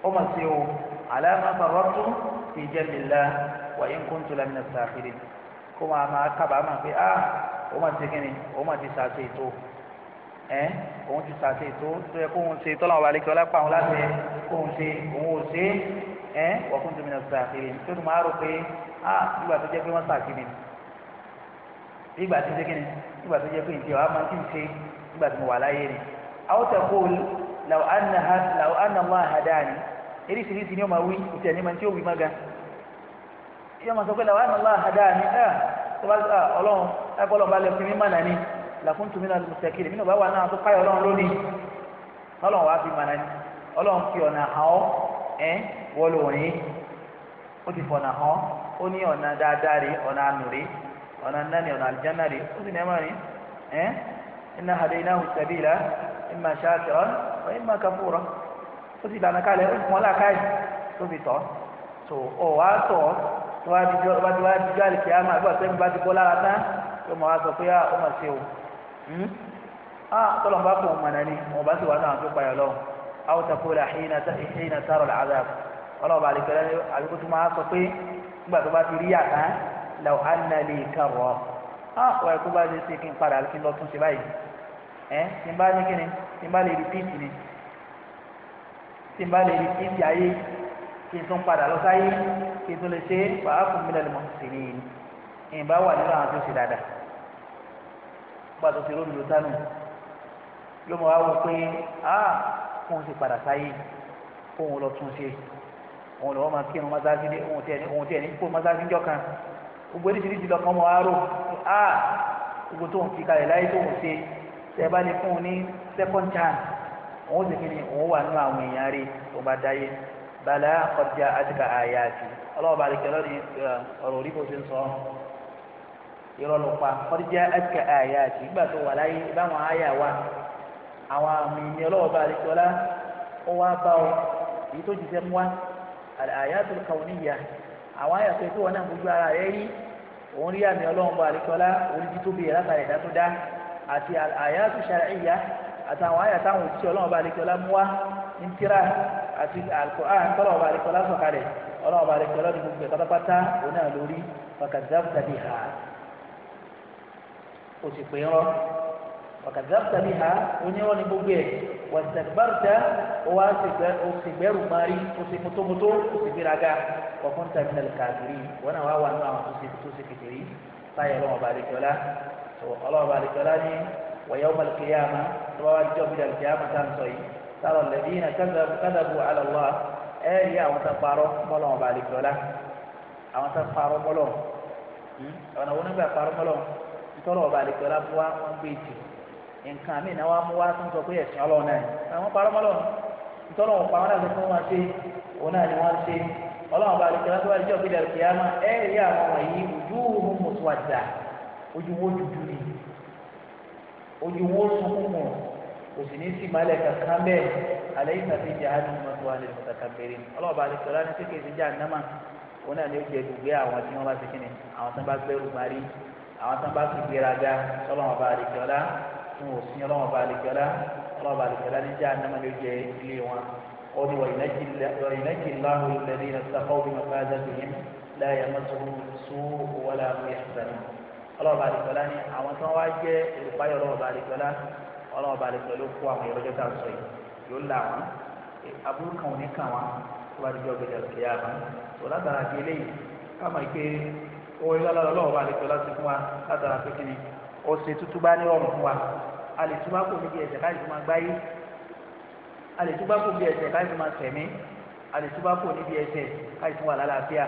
S1: ó mà sí o àlàáfà fàrọ́tù ti jẹ́ mi la wà yín kó ń tu lámìnà sàkiri kó máa máa kábàámà pé a ah, ó mà ti kíni ó mà ti sàṣe ètò ẹ òun ti sàṣe ètò tó yẹ kóun ṣe tọ́lá wà lẹ́kẹ́ ọlápá òun láti kóun ṣe òun ò ṣe ẹ wà kó ń tu lámìnà sàkiri tó tún máa rò pé a ah, nígbà tó jẹ́ pé wọ́n sàkiri ni nígbà tí ṣe kí ni nígbà tó jẹ́ pé ìjẹ́ wa máa ti ń ṣe nígbà tí mo wà láyé ni. àwọn tẹ̀kọ́ làwọn àna máa hà dáa ni eríṣiríṣi ni ó máa wí ìtẹ̀ ní máa tí ó wí máa ga. ìyá máa sọ pé làwọn àna máa hà dáa ni ẹ̀ ah, tó bá sọ ah, ọlọ́run ẹ̀kọ́ lọ́ba lè fi mí mànà làkún tún mi náà lùsẹ̀ kiri mí náà bá wà náà tó páyọ̀ ọlọ́run lónìí ọlọ́run wàá fi ọ̀nà nani ọ̀nà aljanna rè ó sì ní ẹ̀mọ́ rìn ẹ́ iná hadaynahu sabila imma shakiran wa imma kafura ó sì lànà kalẹ̀ ó sì mọ́lá káyì tó fi tọ́ tó ọ̀ wá tọ̀ tó wá di jọ́ àlìkè àmà àgbà sẹ́yìn bá ti bọ́ lára tán tó mọ̀ wá sọ pé ó mà ṣe o tọ́lọ̀ bá kò mọ̀nà ni wọ́n bá sì wà náà tó payọ̀ lọ́wọ́ aw takula hina hina tara al-azab ọlọ́ọ̀bà àlìkè àbíkú tó máa sọ pé nígbà tó bá ti rí law anna li karra á wà ẹ̀kú bá ṣe ṣe kí n padà kí n lọ tún ṣe báyìí ẹ tí n bá ní kí ni tí n bá lè rìpíìtì ni tí n bá lè rìpíìtì ayé kí n tún padà lọ sáyé kí n tún lè ṣe fàákùn mílẹ̀ lọ́mọ sí ni ìbá wà nínú àwọn tó ṣe dáadáa pàtó ti lónìí ló sánú ló mọ̀ wá wọ pé a kóun ṣe padà sáyé kóun lọ tún ṣe òun lọ́wọ́ máa kírun mọ́sáàsì ní òun tiẹ̀ ní kó mọ́sáàsì jọ kan gbogbo oríṣiríṣi lọ́kàn mọ́ aró a gbogbo tó ń fi kalẹ̀ láyé tó ń ṣe tẹ́ bá lè fún un ní second chance òun ó sì fi ni òun wà nínú àwọn èèyàn rí tó bá dáyé bàlá kọjá àtìkà àyà àti ọlọ́wọ́ bá lè kẹ́ lọ́ni ọ̀rọ̀ orí kò ṣe ń sọ irọ́ ló pa kọjá àyà àti ìgbà tó wà láyé báwọn àyà wa àwọn àmì ọlọ́wọ́ bá lè kọ́lá ó wá bá ọ èyí tó jù sẹ́ mú àyà tó kàwé níyà àwọn àyà tó kí wọn náà gbogbo ara rẹ rí òun rí àmì ọlọ́run bá àríkọ́lá orí títóbi ẹ̀ látàrí ẹ̀dá tó dá àti àyàtú ṣàríyà àtàwọn àyà táwọn òjíṣẹ́ ọlọ́run bá àríkọ́lá mú wá ní tíra àti Al-Qur'an tọ́lọ́run bá àríkọ́lá sọ̀kalẹ̀ ọlọ́run bá àríkọ́lá ní gbogbo ẹ̀ka pátápátá òun náà lórí ha òsì pé ń rọ wàkàtàbùtà ha onírọ́ ní gbogbo ẹ̀ واستكبرت وسكبر ماري وسكتمتو وسكبرك وكنت من الكافرين وانا واو انا وسكتري فاي الله بارك ولا الله بارك ولا ويوم القيامة ويوم القيامة تنصي ترى الذين كذبوا كذبوا على الله أي يا وتفاروا ملهم بارك ولا àwọn tó parọ́ mọ́lọ́ ọ̀nà wọn nígbà parọ́ mọ́lọ́ nítorí ọba àlejò ọlá fún wa wọ́n gbé ìtì nǹkan mi náà wá mú wá tó ń sọ pé ẹ̀sìn ọlọ́run náà àwọn parọ́ mọ́ lọ́run ìtọ́lọ́ wọn pa wọn náà ló fún wọn ṣe òun náà ni wọ́n ṣe ọlọ́run bá àlejò láti wá ìjọ gbé dàrú kìámà ẹ rí àwọn wọ̀nyí ojú òun mọ̀ tó àjà ojú wọn dúdú ni ojú wọn sunkún mọ̀ kò sì ní sí malẹ̀ bẹ́ẹ̀ alẹ́ ìtàfi jẹ́ àdúgbò tó wà lẹ́nu kàkàbẹ̀rẹ̀ ọlọ́run bá àlejò láti fún òsín ọlọ́wọ́n bá àlìkẹ́lá ọlọ́wọ́n bá àlìkẹ́lá ní jẹ́ àná ló jẹ ilé wọn ó ní wàyínájì láhùn ìlẹ́lẹ́ iná sáfọ́ bí wọn bá dábìyẹn láyà mọ́tòrò sún wọlé àwọn ìyàtọ̀nù ọlọ́wọ́n bá àlìkẹ́lá ní àwọn tó wá jẹ́ olùpáyọ̀ ọlọ́wọ́n bá àlìkẹ́lá ọlọ́wọ́n bá àlìkẹ́lá ló kó àwọn ìrọ́jọ́ ọ̀sẹ̀ tuntun bá ní ọrùn wa a lè túbá kò níbi ẹ̀ṣẹ̀ káyọ̀ tó máa gbáyé a lè túbá kò níbi ẹ̀ṣẹ̀ káyọ̀ tó máa tẹ̀mí a lè túbá kò níbi ẹ̀ṣẹ̀ káyọ̀ tó wà lálàáfíà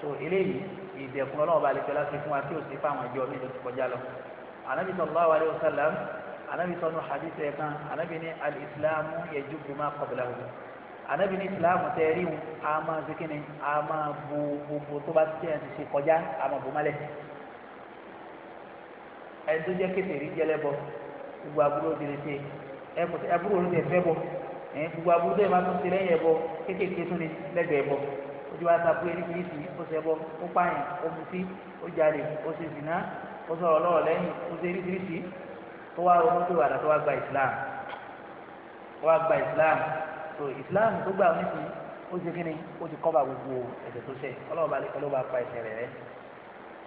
S1: tó eléyìí ìdẹ̀kùn ọlọ́run bá lè fẹ́ láti fún wa tí ò sí fáwọn ìjọ mi ló ti kọjá lọ. anabi sallallahu alayhi wa sallam anabi sọnu hadith ẹ̀ kan anabi ni alisilamu yajubu ma qablahu anabi ni isilamu tẹ́ẹ̀rí wọn a máa ṣe kíni a máa bu gbogbo tó bá ti ṣe ẹni tó jẹ́ kèfèrí jẹlẹ bọ gbogbo aburú òdìrẹ ṣe ẹkùtẹ aburú òdìrẹ fẹ bọ ẹyìn gbogbo aburú tó yẹ máa tún ṣe lẹ́yìn ẹbọ kékèké tó lè lẹ́gbẹ̀ẹ́ bọ ojú wa ta bú eríkì yìí sí ó ṣe bọ ó pààyàn ó mutí ó jalè ó ṣe zìnà ó sọ̀rọ̀ lọ́rọ̀ lẹ́yìn ó ṣe eríkì sí tó wá ronú tó wà látọ gba islam wá gba islam tó islam tó gbà wọn sí ó ṣe kíni ó ti kọ́ba gbogbo ẹ̀ṣẹ̀ tó ṣẹ̀ ọlọ́ọ̀ba lè kọ́ ló bá pa ẹ̀ṣẹ̀ rẹ̀ rẹ̀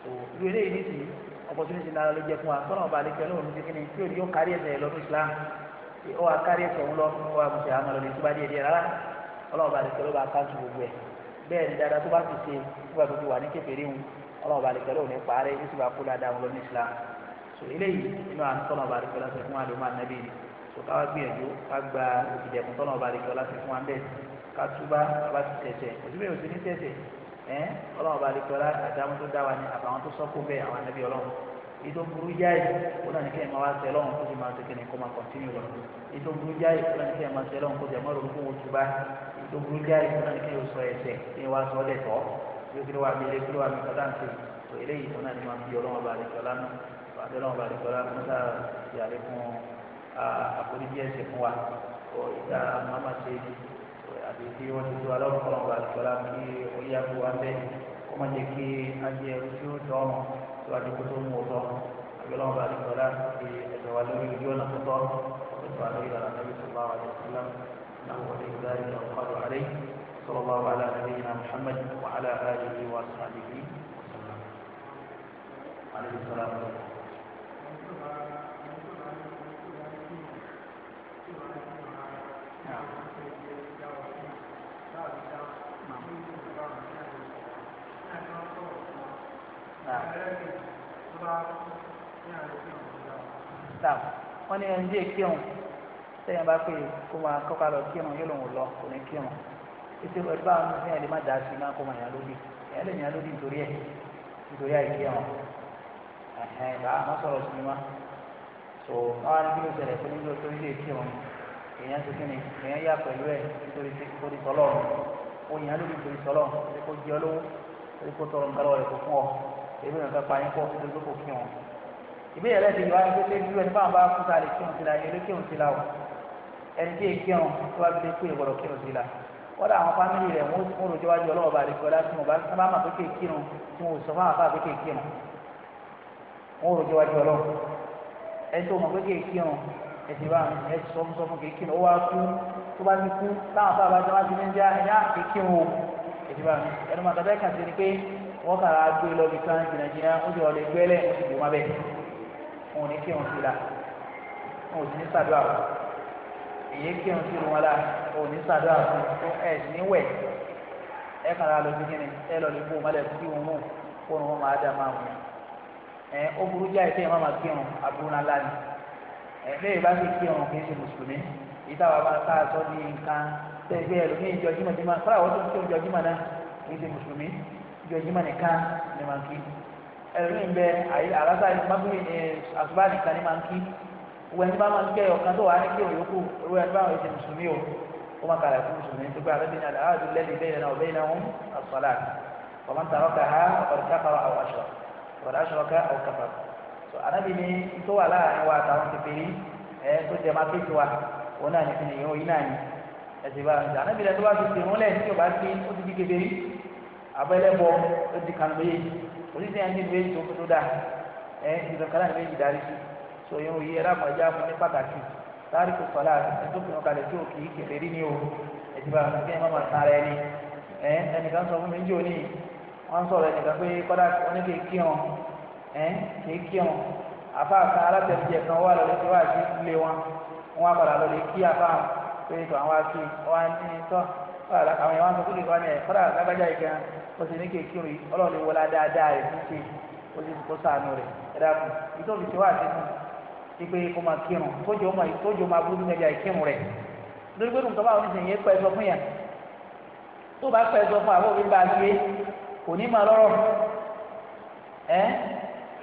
S1: tó ìwé eléyìí ní sí opportunity ńlá ló jẹ fún wa tọ́nà ọba àlejò ẹlọ́wọ̀n ní kékeré tí yóò kárí ẹ̀sẹ̀ lọ́dún Islam ó wà kárí ẹ̀sẹ̀ òun lọ ó wà mùsùlùmí àmọ́ lọ́dún tó bá díẹ̀ díẹ̀ rárá ọlọ́wọ̀n ọba àlejò ẹlọ́wọ̀n akáǹtì gbogbo ẹ̀ bẹ́ẹ̀ ni dáadáa tó bá ti ṣe tó bá gbogbo wà ní kékeré wọn ọlọ́wọ̀n ọba àlejò ẹlọ́wọ̀n nípa rẹ̀ yóò sì bá kó dáadáa wọn lọ́dún Islam so eléyìí inú àánú tọ́nà ọba àlejò ẹlọ́wọ̀n fún wa lè máa nẹ́bí so káwá ẹ eh, ọlọ́run bá dikọ́ láti àdámọ́ tó dá wa ní àbàwọn tó sọ́kù bẹ́ẹ̀ àwọn anábì ọlọ́run ètò burú jáì ó náà ní kí ẹ máa wá sẹ lọ́wọ́n kó sì máa tẹ̀kẹ́ ní kó máa kọ̀ntínú lọ ètò burú jáì ó náà ní kí ẹ máa sẹ lọ́wọ́n kó sì máa ronú fún oṣù bá ètò burú jáì ó náà ní kí ẹ sọ ẹsẹ̀ kí ẹ wá sọ ọ́dẹ̀ tọ́ yóò kí ló wà mí lé kí ló wà mí kọ́ dáǹtì tó eléyìí ó náà ní máa fi ọlọ́wọ́n bá àdìgbò lánà àti tí wọ́n ti tó aláwọ̀ kọ́nà bá tọ́lá kí ó yá kó wá bẹ́ẹ̀ kó má jẹ́ kí ajẹ́ ojú tọ́ ọmọ tó a ti kó tó mú o tọ́ àgbẹ̀lọ́wọ̀ bá tọ́lá kí ẹ̀jẹ̀ wá lórí ojú ọ̀nà tó
S2: tọ́ ọ̀tọ̀ àlọ́ ìlànà nàbí sọ̀rọ̀ àwọn àti sọ́lá náà
S1: wọlé ìgbà ìlànà ọ̀kadà àlẹ́ صلى الله على نبينا محمد وعلى آله وأصحابه
S2: وسلم عليه
S1: wọ́n ní ẹni díẹ̀ kírun sẹ́yìn bá pè kó máa kọ́ka lọ kírun yóò lòun lọ kò ní kírun títí lè má sí máa kó máa yàn lè yàn nítorí nítorí bá a má sọ̀rọ̀ sí ma tó á tó ń kírun èèyàn kí ni èèyàn yà pẹ̀lú nítorí òyìn alóbi gbèrè sọlọ ẹni kò jẹ olówó ẹni kò tọrọ nǹkan lọ́wọ́ rẹ kò fún ọ èmi nǹkan pa yín pọ ẹni tó kò kí wọn. ìbéèrè rẹ ti yọ ayé pé bí ẹni báwọn bá kú ta lè kírun la ẹni ló kírun sí la o ẹni tí èké wọn tó bá fi kú ìgbọ̀dọ̀ kírun sí la wọ́n dà àwọn fámìlì rẹ̀ wọ́n ó rojọ́ wájú ọlọ́wọ́ bá àdìgbò láti mọ̀ bá má pé kéèkìrun tí wọ́n sọ fáwọn afáà pé kéèkìrun wọ́n ó rojọ́ wájú ọlọ́wọ́ ẹni tó mọ̀ pé ẹ̀sìn wa ẹ̀ sọmọsọmọ kéèké ó wá kú tó bá ti kú táwọn afọ àbájá wá ti ní já ẹ̀yà kéèké o ẹ̀sìn wa ẹnu màtá bẹ́ẹ̀ kàn sí ni pé wọ́n kàrà gbé lọ bí kan jìnnà jìnnà ó ti ọ̀lẹ́ gbẹ́lẹ̀ ó ti bò má bẹ́ẹ̀ wọn ò ní kí wọn sí la wọn ò sì ní sàdúrà wọn èyí kí wọn sí wọn la wọn ò ní sàdúrà wọn ẹ̀ sì ní wẹ̀ ẹ̀ kàrà lọ sí kíni ẹ̀ lọ lè bò má lẹ̀ kí wọn mú kó wọn máa dá máa wọn ẹ̀ ó burú jáì ẹgbẹ́ ìbá fi kí ọ̀hún kìí ṣe mùsùlùmí ìta wà bá ká aṣọ ní nǹkan tẹ̀gbẹ́ ẹlòmíì ìjọ jimá jimá kọ́lá àwọn tó ń kí ìjọ jimá náà kìí ṣe mùsùlùmí ìjọ jimá nìkan ni màá kí ẹlòmíì ń bẹ àlásà ìmábí àṣùbá nìkan ni màá kí wọ ẹni bá máa ń gbẹ ọ̀kan tó wà á ní kí òyòkù wọ ẹni bá wọn ṣe mùsùlùmí anabi ni tó wà láàrin wa àtàwọn kékeré ẹ tó jẹ máa kéèké wa òun náà ní fi nìyẹn òyìn náà ní ẹsẹ bá ń sè anabi rẹ tó bá ti sè wọn lẹ́yìn tí o bá ti ó ti di kékeré abẹ́lẹ́bọ ó ti kàngbé oníṣẹ́ ẹni ìwé tó tó dáa ẹ ìdọ̀kálá ìwé ìdarí sí so yẹn òye ẹ lápò ẹja fún ní pàtàkì sáré kò sọlá ẹtọ́kùn náà kalẹ̀ tí o kì í kékeré ní o ẹsẹ bá ń sè ẹ má máa sára ẹni ẹ ẹnìkan sọ fún mi jò ní wọn sọ̀rọ̀ ẹ̀ kì í kírun àfáàfin alátẹ̀lẹ́jẹ̀ kan wà lọ́lẹ́ tí wàá sí ilé wọn wọn padà kí àfáàfin pé ètò àwọn akéwì wọn ní tọ́ àwọn sọ fúnni kan ẹ̀ kọ́dà lágbájá ìkan ó sì ní kì í kírun ọlọ́run ní wọlá dáadáa rẹ̀ fún ṣe ó sì kó sànù rẹ̀ ipe kó máa kírun níbi àìkírun rẹ̀ lórí pé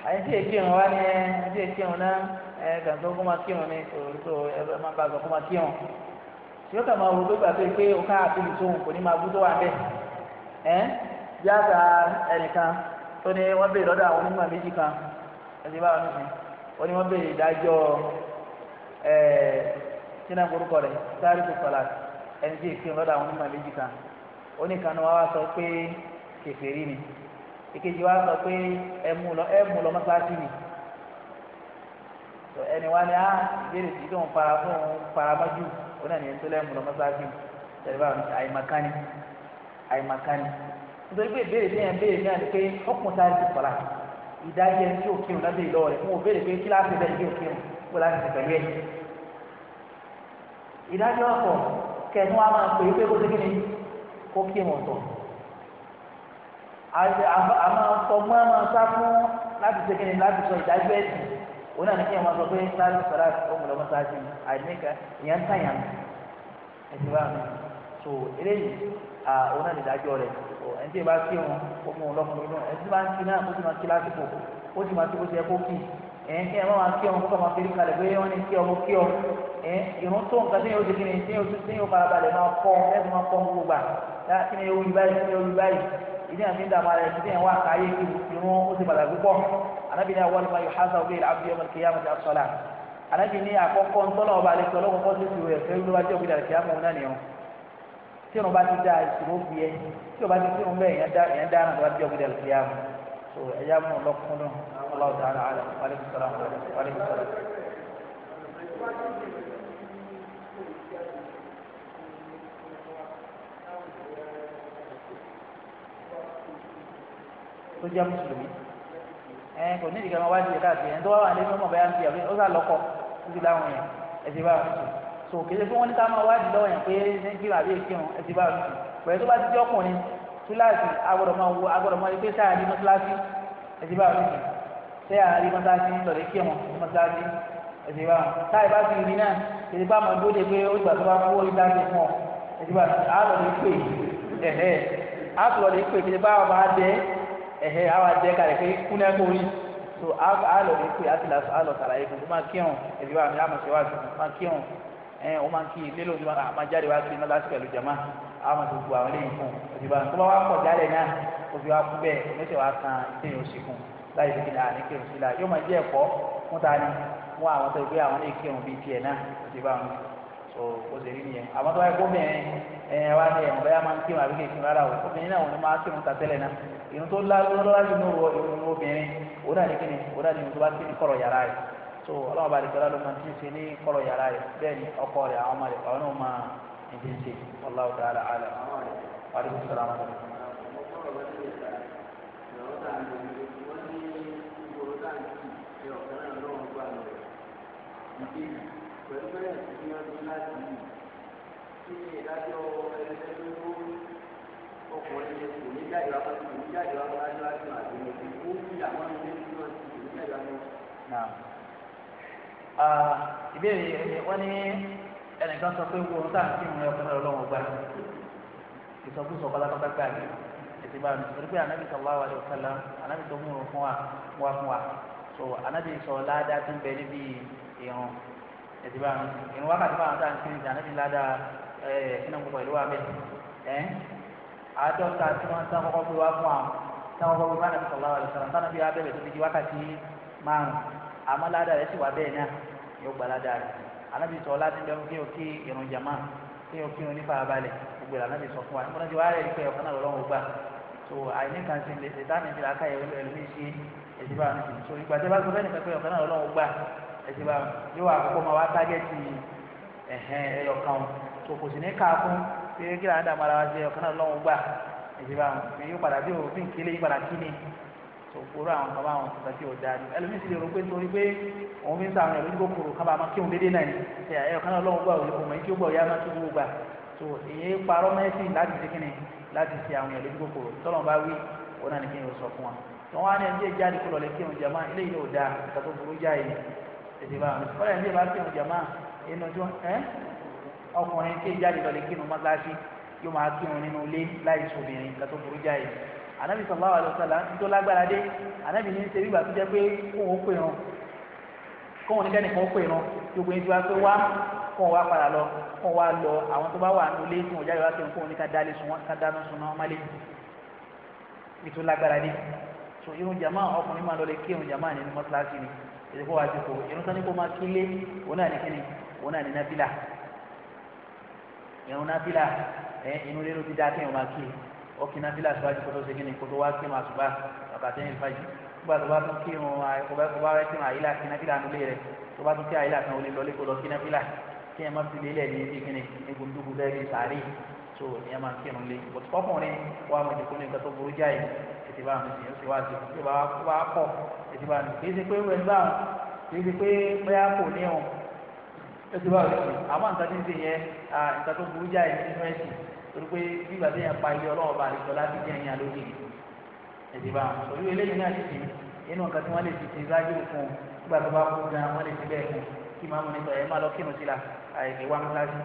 S1: àyìn tí èké wọn wá ní ẹ àyìn tí èké wọn náà ẹ gàdó kó máa kírun ní kòtò ẹ máa bá gbọ́ kó máa kírun tí ó kà máa wò ló gbà pé pé ó ká àbílí tó ń kò ní máa bú tó wà bẹ́ẹ̀ ẹ bí àgbà ẹnìkan tó ní wọ́n béèrè lọ́dọ̀ àwọn onímọ̀ méjì kan ẹ̀sìn báwọn nìkan wọ́n ní wọ́n béèrè ìdájọ́ ẹ̀ sínú àgbórúkọ rẹ̀ sáré kò sọ̀lá ẹni tí èké lọ́dọ̀ àwọn onímọ̀ méjì kan oníkan ni wá sọ pé kèfèrí ni èkejì wa sọ pé ẹmu lọ ẹmu lọ mọ́sálásí ni tọ ẹni wa ni a ah, ìbéèrè tí tó ń fara tó ń fara mọ́jú ó náà ní ẹtọ́ lẹ́mu lọ mọ́sálásí ni tẹ̀lé bá àìmọ̀kánì àìmọ̀kánì nítorí pé ìbéèrè tí yẹn béèrè náà ni pé ọkùnrin sáré ti kọ̀la ìdájọ́ ẹni tí òkè òun lábẹ́ ìlọ́wọ́ rẹ̀ fún òun béèrè pé kíláàsì bẹ́ẹ̀ tí òkè òun kó láti ti pẹ̀lú ẹ̀ ìdájọ́ ọ̀pọ̀ kẹ̀tún wa àmọ́ ọgbọ́n máa sá fún láti ṣe kíni láti sọ ìdájọ́ ẹ̀sìn òun náà ní kí ẹ máa sọ pé sáré sọlá ọmọdé ọmọ sáájú àìníkà ìyẹn ń tàyàn ẹ̀sìn bá mi so eléyìí òun náà ní ìdájọ́ rẹ̀ ẹni tí ì bá kí wọn ó mú un lọ́kùnrin náà ẹni tí bá ń kí náà ó sì máa kí lásìkò ó sì máa tó bó ṣe kó kì ẹ̀yìn kí ẹ máa kí ọmọ kọ́kọ́ máa fi rí kalẹ̀ pé wọ́n ní kí ọmọ kí ọ ìrún tó nǹkan tí yóò ṣe kíni tí yóò farabalẹ̀ máa kọ́ ẹ̀ máa kọ́ gbogbo gbà kí ni yóò wí báyìí kí ni yóò báyìí ìdí àmì ń dàmú ara ẹ̀ títí ẹ̀ wá káyé irun ó ti bàtà púpọ̀ anábì ní àwọn ọmọ yòóhá sáwọ́ bíi abdi ọmọ kìyà mọ̀tì asọ́lá anábì ní àkọ́kọ́ ńtọ́lọ́ ọba àlẹ́ tí ọlọ́kọ́ tó ti rẹ̀ fẹ́ẹ́ lọ́wọ́ jẹ́ òkúta kìyà mọ̀ náà nìyẹn tí irun bá ti da ìṣòro fi ẹ tí o ti kírun bẹ́ẹ̀ yẹn dáná tó bá jẹ́ òkúta kìyà mọ̀ so
S2: tó jẹ́ mùsùlùmí ẹ kò ní ìdíkà máa wá ìdíkà àti ẹni tó wá wà ní ọmọ bẹ́ẹ̀ àti àbí ó
S1: lọ́kọ̀ títí láwọn yẹn ẹ̀sìn bá wọn sùn so kìí ṣe fún wọn ní ká máa wá ìdí lọ́wọ́ yẹn pé ní kí àbí ìkírun ẹ̀sìn bá wọn sùn pẹ̀lú tó bá ti jẹ́ ọkùnrin túláàsì agbọ́dọ̀ máa wo agbọ́dọ̀ máa pé sáà ní mọ́tíláṣí ẹ̀sìn bá wọn sùn sáà ní mọ́tíláṣí lọ́dẹ̀ kí wọn ní mọ́tíláṣí ẹ̀sìn bá wọn sáà bá ti rí náà sùn á lọ́dẹ̀ ẹ̀hẹ́ àwa jẹ́ kárẹ̀ pé kúnlẹ̀ kó rí so àlọ́ ní pé àtìlá àlọ́ sàlàyé fún un máa kírun ẹ̀bí wa mi àmọ̀ sí wa sùn máa kírun ẹ̀ ọ máa kí ilé lóun máa jáde wá sí iná lásìkò ẹ̀lú jama àmọ̀ tó gbogbo àwọn eléyìí fún ẹ̀bí wa tó bá wà pọ̀ jálẹ̀ náà kò fi wá kú bẹ́ẹ̀ oníṣẹ́ wa kan ṣe yóò ṣe fún láì fi kíni àní kírun sí la yóò máa jẹ́ ẹ̀kọ́ fún ta ni wọn àwọn tó gbé àwọn ilé kírun bíi tiẹ̀ náà ẹ̀bí wa mi so o ṣe rí nìyẹn àmọ́ tó wáyé kó bẹ́ẹ̀ ẹ wá ní ẹ̀mọ́ bẹ́ẹ̀ máa ń kírun àbí kì í kírun rárá o obìnrin náà wọn ni máa kírun tatẹ́lẹ̀ náà irun tó lọ́lá ju ní wọ irun obìnrin òun náà ní kíni òun náà ní irun tó bá kírun kọ̀rọ̀ yàrá rẹ̀ so ọlọ́run bá dìgbà lọ́dún máa ti ń ṣe ní kọ̀rọ̀ yàrá rẹ̀ bẹ́ẹ̀ ni ọkọ rẹ̀ àwọn ọmọ rẹ̀ àwọn náà máa ń ti ń ṣe Allahu ta'ala a'lam wa alaykum salaam wa
S2: rahmatulah. Thank you pẹ̀lú bẹ́ẹ̀ ní ọdún láti yìí
S1: kí ni ìdájọ́ ẹlẹ́dẹ́gbẹ́rún ọkùnrin yẹn kò ní jáde wá kó ní jáde wá kó lájọ́ àjọ àjọ òbí ó ń yà wọ́n ní ní wọ́n ti kò ní jáde wá kó. ìbéèrè ẹni wọ́n ní ẹnìkan sọ pé wo táà kí n rẹ ọkùnrin ọlọ́wọ́ gbà ìsọkúsọ kọlákọlá gbà mí ètò ìbára mi torí pé anabi sallallahu alaihi wasallam anabi tó mú fún wa fún wa so anabi sọ ládàá tó ń bẹ níbi ìrún ẹ̀sìn bá wọn ìrún wákàtí máa ń tà ní kiri ìjà níbi ládà ẹ̀ sínú púpọ̀ ìlú wa bẹ́ẹ̀ ẹ̀ àádọ́ta tí wọ́n sá kọ́kọ́ gbé wá fún àwọn sá kọ́kọ́ gbé wá nàbí sọ̀rọ̀ àwọn ìṣòro sá nàbí abẹ́rẹ́ tó fi di wákàtí márùn àmọ́ ládà rẹ̀ sì wà bẹ́ẹ̀ náà yóò gba ládà rẹ̀ anábì sọ láti bẹ́ẹ̀ kí o kí ìrún jàmá kí o kí o nípa abalẹ̀ gbogbo anábì sọ fún wa nígbà náà lọ́wọ́ gbà so àìní ọ̀kan náà lọ́wọ́ gbà ẹ̀sìn bá yóò àkókò máa wá tágẹ́tì ẹyọ kan tó kò sì ní ká fún pé kí làwọn dàgbà ara wa ṣe ọ̀kan náà lọ́wọ́ gbà ẹ̀sìn bá yóò padà bí òfin kílé yóò padà kíni tó kúrò àwọn kan bá àwọn kan tí ò da ni ẹlòmíì sì lè rò pé nítorí pé òun fi ń sàwọn ẹ̀rọ ìdíkò kúrò kábàá máa kíhun déédéé náà ni ẹyọ kan náà lọ́wọ́ gbà òun mọ̀ kí ó gbà òyà máa tó gbogbo gbà tó èyí parọ́ mẹ́sìn láti ṣe kíni láti ṣe àwọn ẹ̀rọ ìdíkò kúrò tọ́lọ́mùbá wí òun náà ní kí n yóò sọ fún wa tí wọ́n á ní ẹni tí ì jáde kó lọ lè kí òun jẹ máa ilé yìí ò da ìtàkùn tètè bá wọn kọ́lá ẹ̀dí ìbá kí wọn jàmá inú tí wọn ẹ́ ọkùnrin tí ìjáde lọ lè kí wọn mọ́tíláṣí yóò máa kí wọn nínú ilé láì sóbìnrin kan tó burú jáì ànábì sallallahu alaihi wasallam tó lágbára dé ànábì ní ṣe bíbà tó jẹ́ pé kóun ó pè wọn kóun ní kẹ́nìkan ó pè wọn gbogbo ẹni tí wàá pé wá kóun wá padà lọ kóun wá lọ àwọn tó bá wà nínú ilé tí jáde wá kí kóun ní ká dálé sun wọn ká dáná sun náà má lè ètò lágbára dé so irun jàmá ọkùnrin máa lọ lè kí irun jàmá nínú mọ́tíláṣí ni ìdíkó wa ti kó irun tó ní kó máa kílé òun náà ní kíni òun náà ní náfìlà irun náfìlà ẹ inú rírú ti dá kéèyàn máa kí ọkì náfìlà síwájú kó tó ṣe kíni kó tó wá kí máa ṣùgbà bàbá tẹ́yìn ìfàjì nígbà tó bá tún kí irun ọba ọba rẹ kí irun àyílà kí náfìlà nulẹ̀ rẹ tó bá tún kí àyílà kan ó lè lọlé kó lọ kí náfìlà kí ẹ má fi lé lẹ̀ ní kíni ní gbùdúgbù bẹ́ẹ̀ ní sàárè tó ìyẹn máa kí irun lé bọ̀t ti bá mi sìn ó ti wá sí ó ti bá wá pọ̀ ó ti bá mi kì í ṣe pé wẹ́n bá wọn kì í ṣe pé bóyá kò ní wọn ó ti bá wọn sìn àmọ́ nǹkan tí ń sìn yẹn nǹkan tó burú jáì nínú ẹ̀sìn torí pé bí ìgbà tí yẹn pa ilé ọlọ́wọ́ bá àlejò láti jẹ́ ìyẹn lórí ẹ̀sìn bá wọn torí eléyìí náà ti sìn inú nǹkan tí wọ́n lè ti ti ṣáájú fún un nígbà tó bá kú gan wọ́n lè ti bẹ́ẹ̀ fún kí máa mú nípa ẹ̀ máa lọ kírun sí la àìlè wá mọ́sáàsì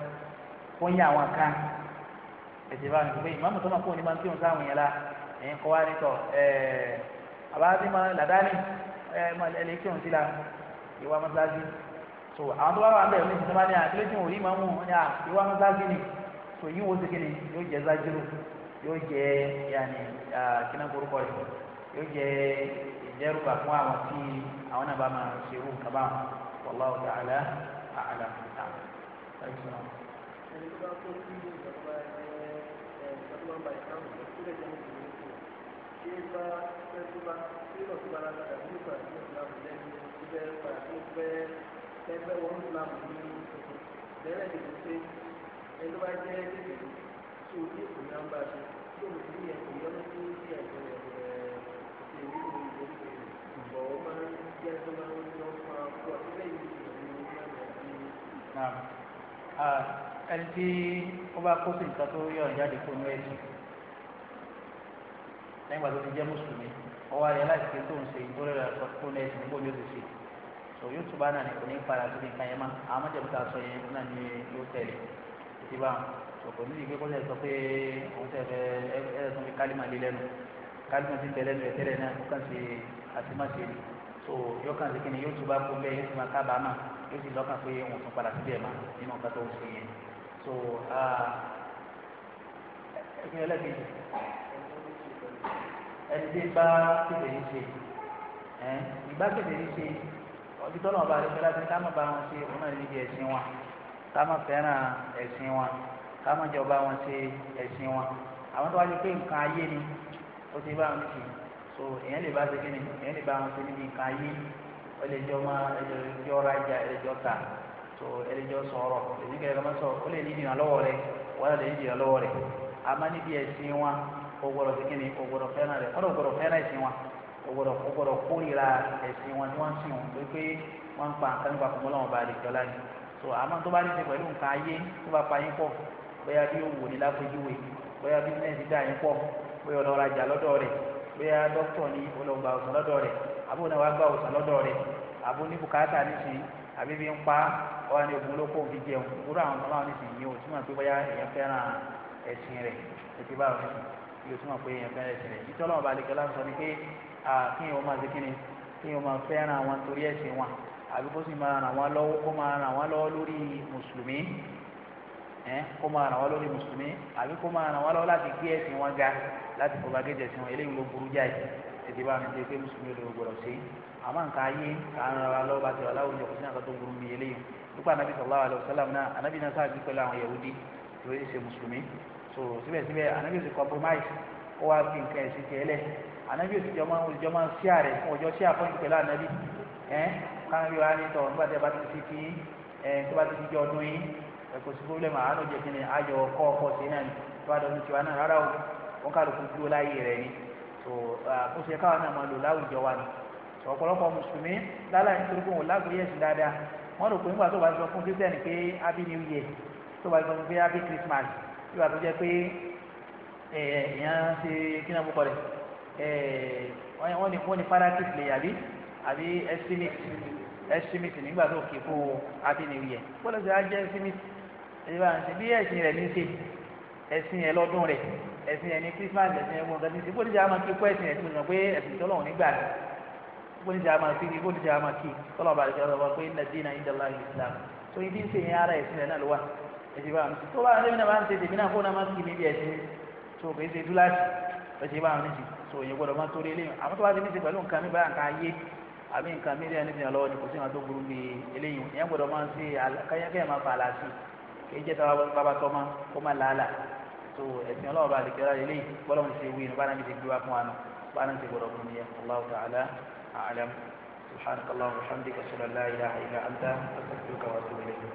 S1: fún yín àwọn kan ẹ̀sìn bá wọn sọ pé ìmáàmù tó máa kú ni máa ń kírun sáwọn yẹn la ẹ̀yin kọ́ wá ní tọ̀ ẹ̀ẹ́ àbájáde máa làdáni ẹ̀ máa lè kí òun sí la ìwà mọ́sáájú so àwọn tó bá wà bẹ́ẹ̀ méjì tó bá ní àkílẹ̀ tí òun rí máa mú ní à ìwà mọ́sáájú ni so yín wo segin ni yóò jẹ zájúrò yóò jẹ yanni kíná korúkọ yìí yóò jẹ ìjẹrùbà fún àwọn tí àwọn náà bá máa ṣe irú kaba
S2: wallahu ta'ala a'lam náà bá
S1: fẹ́ tó bá tí lọ́sí bá lára tàbí nípa tí ó lámù lẹ́nu tí bẹ́ẹ̀ pa tó fẹ́ ẹgbẹ́ wọn lámù ní ìṣòro bẹ́ẹ̀ lè lè pé ẹni wá jẹ́ ẹgbẹ́ tí o ní ìpò náà ń bá a ṣe tí o ní ẹ̀kọ́ yọ ní kí ní ẹ̀kọ́ ẹ̀ẹ́dẹ̀
S2: ìlú ìgbòho ìgbọ̀ ó máa ń jẹ́ tó máa ń lọ fún akó àtúbẹ̀ yìí
S1: ẹni tí ó bá kó sí nǹkan tó yọ̀ jáde fún ẹ̀sìn lẹ́yìn ìgbà tó ti jẹ́ mùsùlùmí ọwọ́ ayé láti fi tó ń ṣe ìtòrè rẹ̀ tó ní ẹ̀sìn níbo ni ó ti ṣe tó yóò tún bá náà ní kò ní padà sí nǹkan yẹn má àwọn mọ̀jẹ̀bùtà sọ yẹn náà ni yóò tẹ̀lé ti bá ọ̀pọ̀ nídìí pé kọ́sẹ̀ sọ pé òun tẹ̀ fẹ́ ẹ̀ẹ́dẹ̀sán fi kálímà lé lẹ́nu kálímà ti tẹ̀ lẹ́nu ẹ̀tẹ́rẹ̀ náà ó kàn ṣe àtìmáṣe ni tó yóò kàn sí kí ni yóò tún bá kó bẹ́ẹ̀ yóò tún bá kábàámà yóò sì lọ́kàn pé òun tún padà síbẹ̀ mà nínú nǹkan tó ń ṣe yẹn tó ẹ̀ẹ́dẹ̀sán ẹtí bá kéde yìí ṣe ẹ ìgbà kéde yìí ṣe ọdún tọ́lọ̀ ọba nse, ti ká má ba wọn ṣe òun náà ẹ̀sìn wọn ká má fẹ́ràn ẹ̀sìn wọn ká má jọba wọn ṣe ẹ̀sìn wọn àwọn tó wá ṣe pé nǹkan ayé ni ó ti bá wọn ṣe so èèyàn lè bá ṣe kí ni èèyàn lè bá wọn ṣe níbi nǹkan ayé rájà ta so ẹlẹ́jọ́ sọ̀rọ̀ sọ ó lè ní ìdìnnà lè ní kò gbọdọ̀ sí kíni kò gbọdọ̀ fẹ́ràn rẹ̀ wọ́n lọ ni fẹ́ràn ẹ̀sìn wọn kò gbọdọ̀ kò wọn sìn wọn pé ń pa ni so àmọ́ tó bá ní ṣe pẹ̀lú nǹkan ayé tó bá pa yín pọ̀ bóyá bí òwò ní lápẹ́júwe bóyá bísíǹsì dá yín pọ̀ bóyá ọlọ́rajà lọ́dọ̀ rẹ̀ bóyá dókítọ̀ ní olóńgbà yóò túmọ̀ pé èèyàn fẹ́ràn ẹ̀sìn rẹ̀ ìtọ́lọ́ ọba àlejò aláǹsọ ni pé kí èèyàn máa ṣe kí ni kí èèyàn máa fẹ́ràn àwọn torí ẹ̀sìn wọn àbí kó sì máa ràn wọ́n lọ́wọ́ kó máa ràn wọ́n lọ́wọ́ lórí mùsùlùmí kó máa ràn wọ́n lórí mùsùlùmí àbí kó máa ràn wọ́n lọ́wọ́ láti gbé ẹ̀sìn wọn ga láti fọba gẹ́jẹ̀ sí wọn eléyìí ló burú jáì tètè bá mi dé pé mùsùlùmí ò lè gbọdọ̀ sí àmọ́ nǹkan ayé kà ń rara lọ́wọ́ bá ti wà láwùjọ kò sí nǹkan tó burú mi eléyìí nípa anabi sallallahu alayhi wa sallam náà anabi náà sáà so síbẹ̀síbẹ̀ anabi ò sì compromise ó wá fi nǹkan ẹ̀sìn tiẹ̀ lẹ̀ anabi ò sì jọ máa jọ máa ṣí àrẹ̀ fún ọjọ́ ṣí àfọ́yín pẹ̀lú anabi ẹ̀ kánabi wa ní tọ̀ nígbà tí a bá ti fi kí ẹ̀ tó bá ti fi jọ ọdún yín ẹ̀ kò sí problem àánú jẹ́ kíni ayọ̀ ọkọ̀ ọkọ̀ sí náà ni tó bá dọ̀dún tiwa náà rárá o wọn kálukú dúró láyé rẹ̀ ni so àkóso káwọn náà máa lò láwùjọ wa ni ọ̀pọ̀lọpọ̀ mùsùlùmí lálẹ́ nítorí pé wọn lágbóyè sí dáadáa wọn rò pé nígbà tó bá sọ fún kristian pé happy new year tó bá sọ fún pé happy christmas ìwà tó jẹ́ pé èèyàn ṣe kí náà mú kọ́ rẹ̀ wọ́n ní wọ́n ní paratic lè àbí àbí estimate estimate nígbà tó kì í kó happy new year bọ́lá ṣe á jẹ́ estimate ìwà ṣe bí ẹ̀sìn rẹ̀ ní ṣe ẹ̀sìn ẹ̀ lọ́dún rẹ̀ ẹ̀sìn ẹ̀ ní Christmas ẹ̀sìn ẹ̀ gbọ̀ngàn ní ṣe bọ́lá ṣe á máa kí kó ẹ̀sìn ẹ̀ tó yàn pé ẹ̀sìn tọ́lọ̀ nígbà rẹ̀ bọ́lá ṣe á máa kí bọ́lá ṣe á máa kí tọ́lọ̀ bàlẹ̀ ṣe ọ̀rọ̀ pé nàìjíríà ìdàlá ìsìlámù ẹ̀sìn bá tó bá wọn náà bá ń tètè mí náà kó náà má kí mi bí ẹ̀sìn tó kò ṣe dúláṣì ẹ̀sìn bá wọn níṣì tó yẹ gbọdọ̀ má torí eléyìí àmọ́ tó bá ti ní ṣe pẹ̀lú nǹkan mi bá nǹkan ayé àbí nǹkan mi lẹ́yìn níbi ìrànlọ́wọ́ ni kò sí wọn tó burú bí eléyìí ìyẹn gbọdọ̀ máa ń ṣe kẹ́yẹ́kẹ́yẹ́ máa fà láṣì kéyìí jẹ́ tàwa bàbá tọ́ ma kó má làálà tó ẹ̀sìn ọlọ́wọ́ bá lè kẹ́ra eléyìí gbọ́dọ̀ mi ṣe wí ni bá náà mi ṣe gbé wá fún wa nù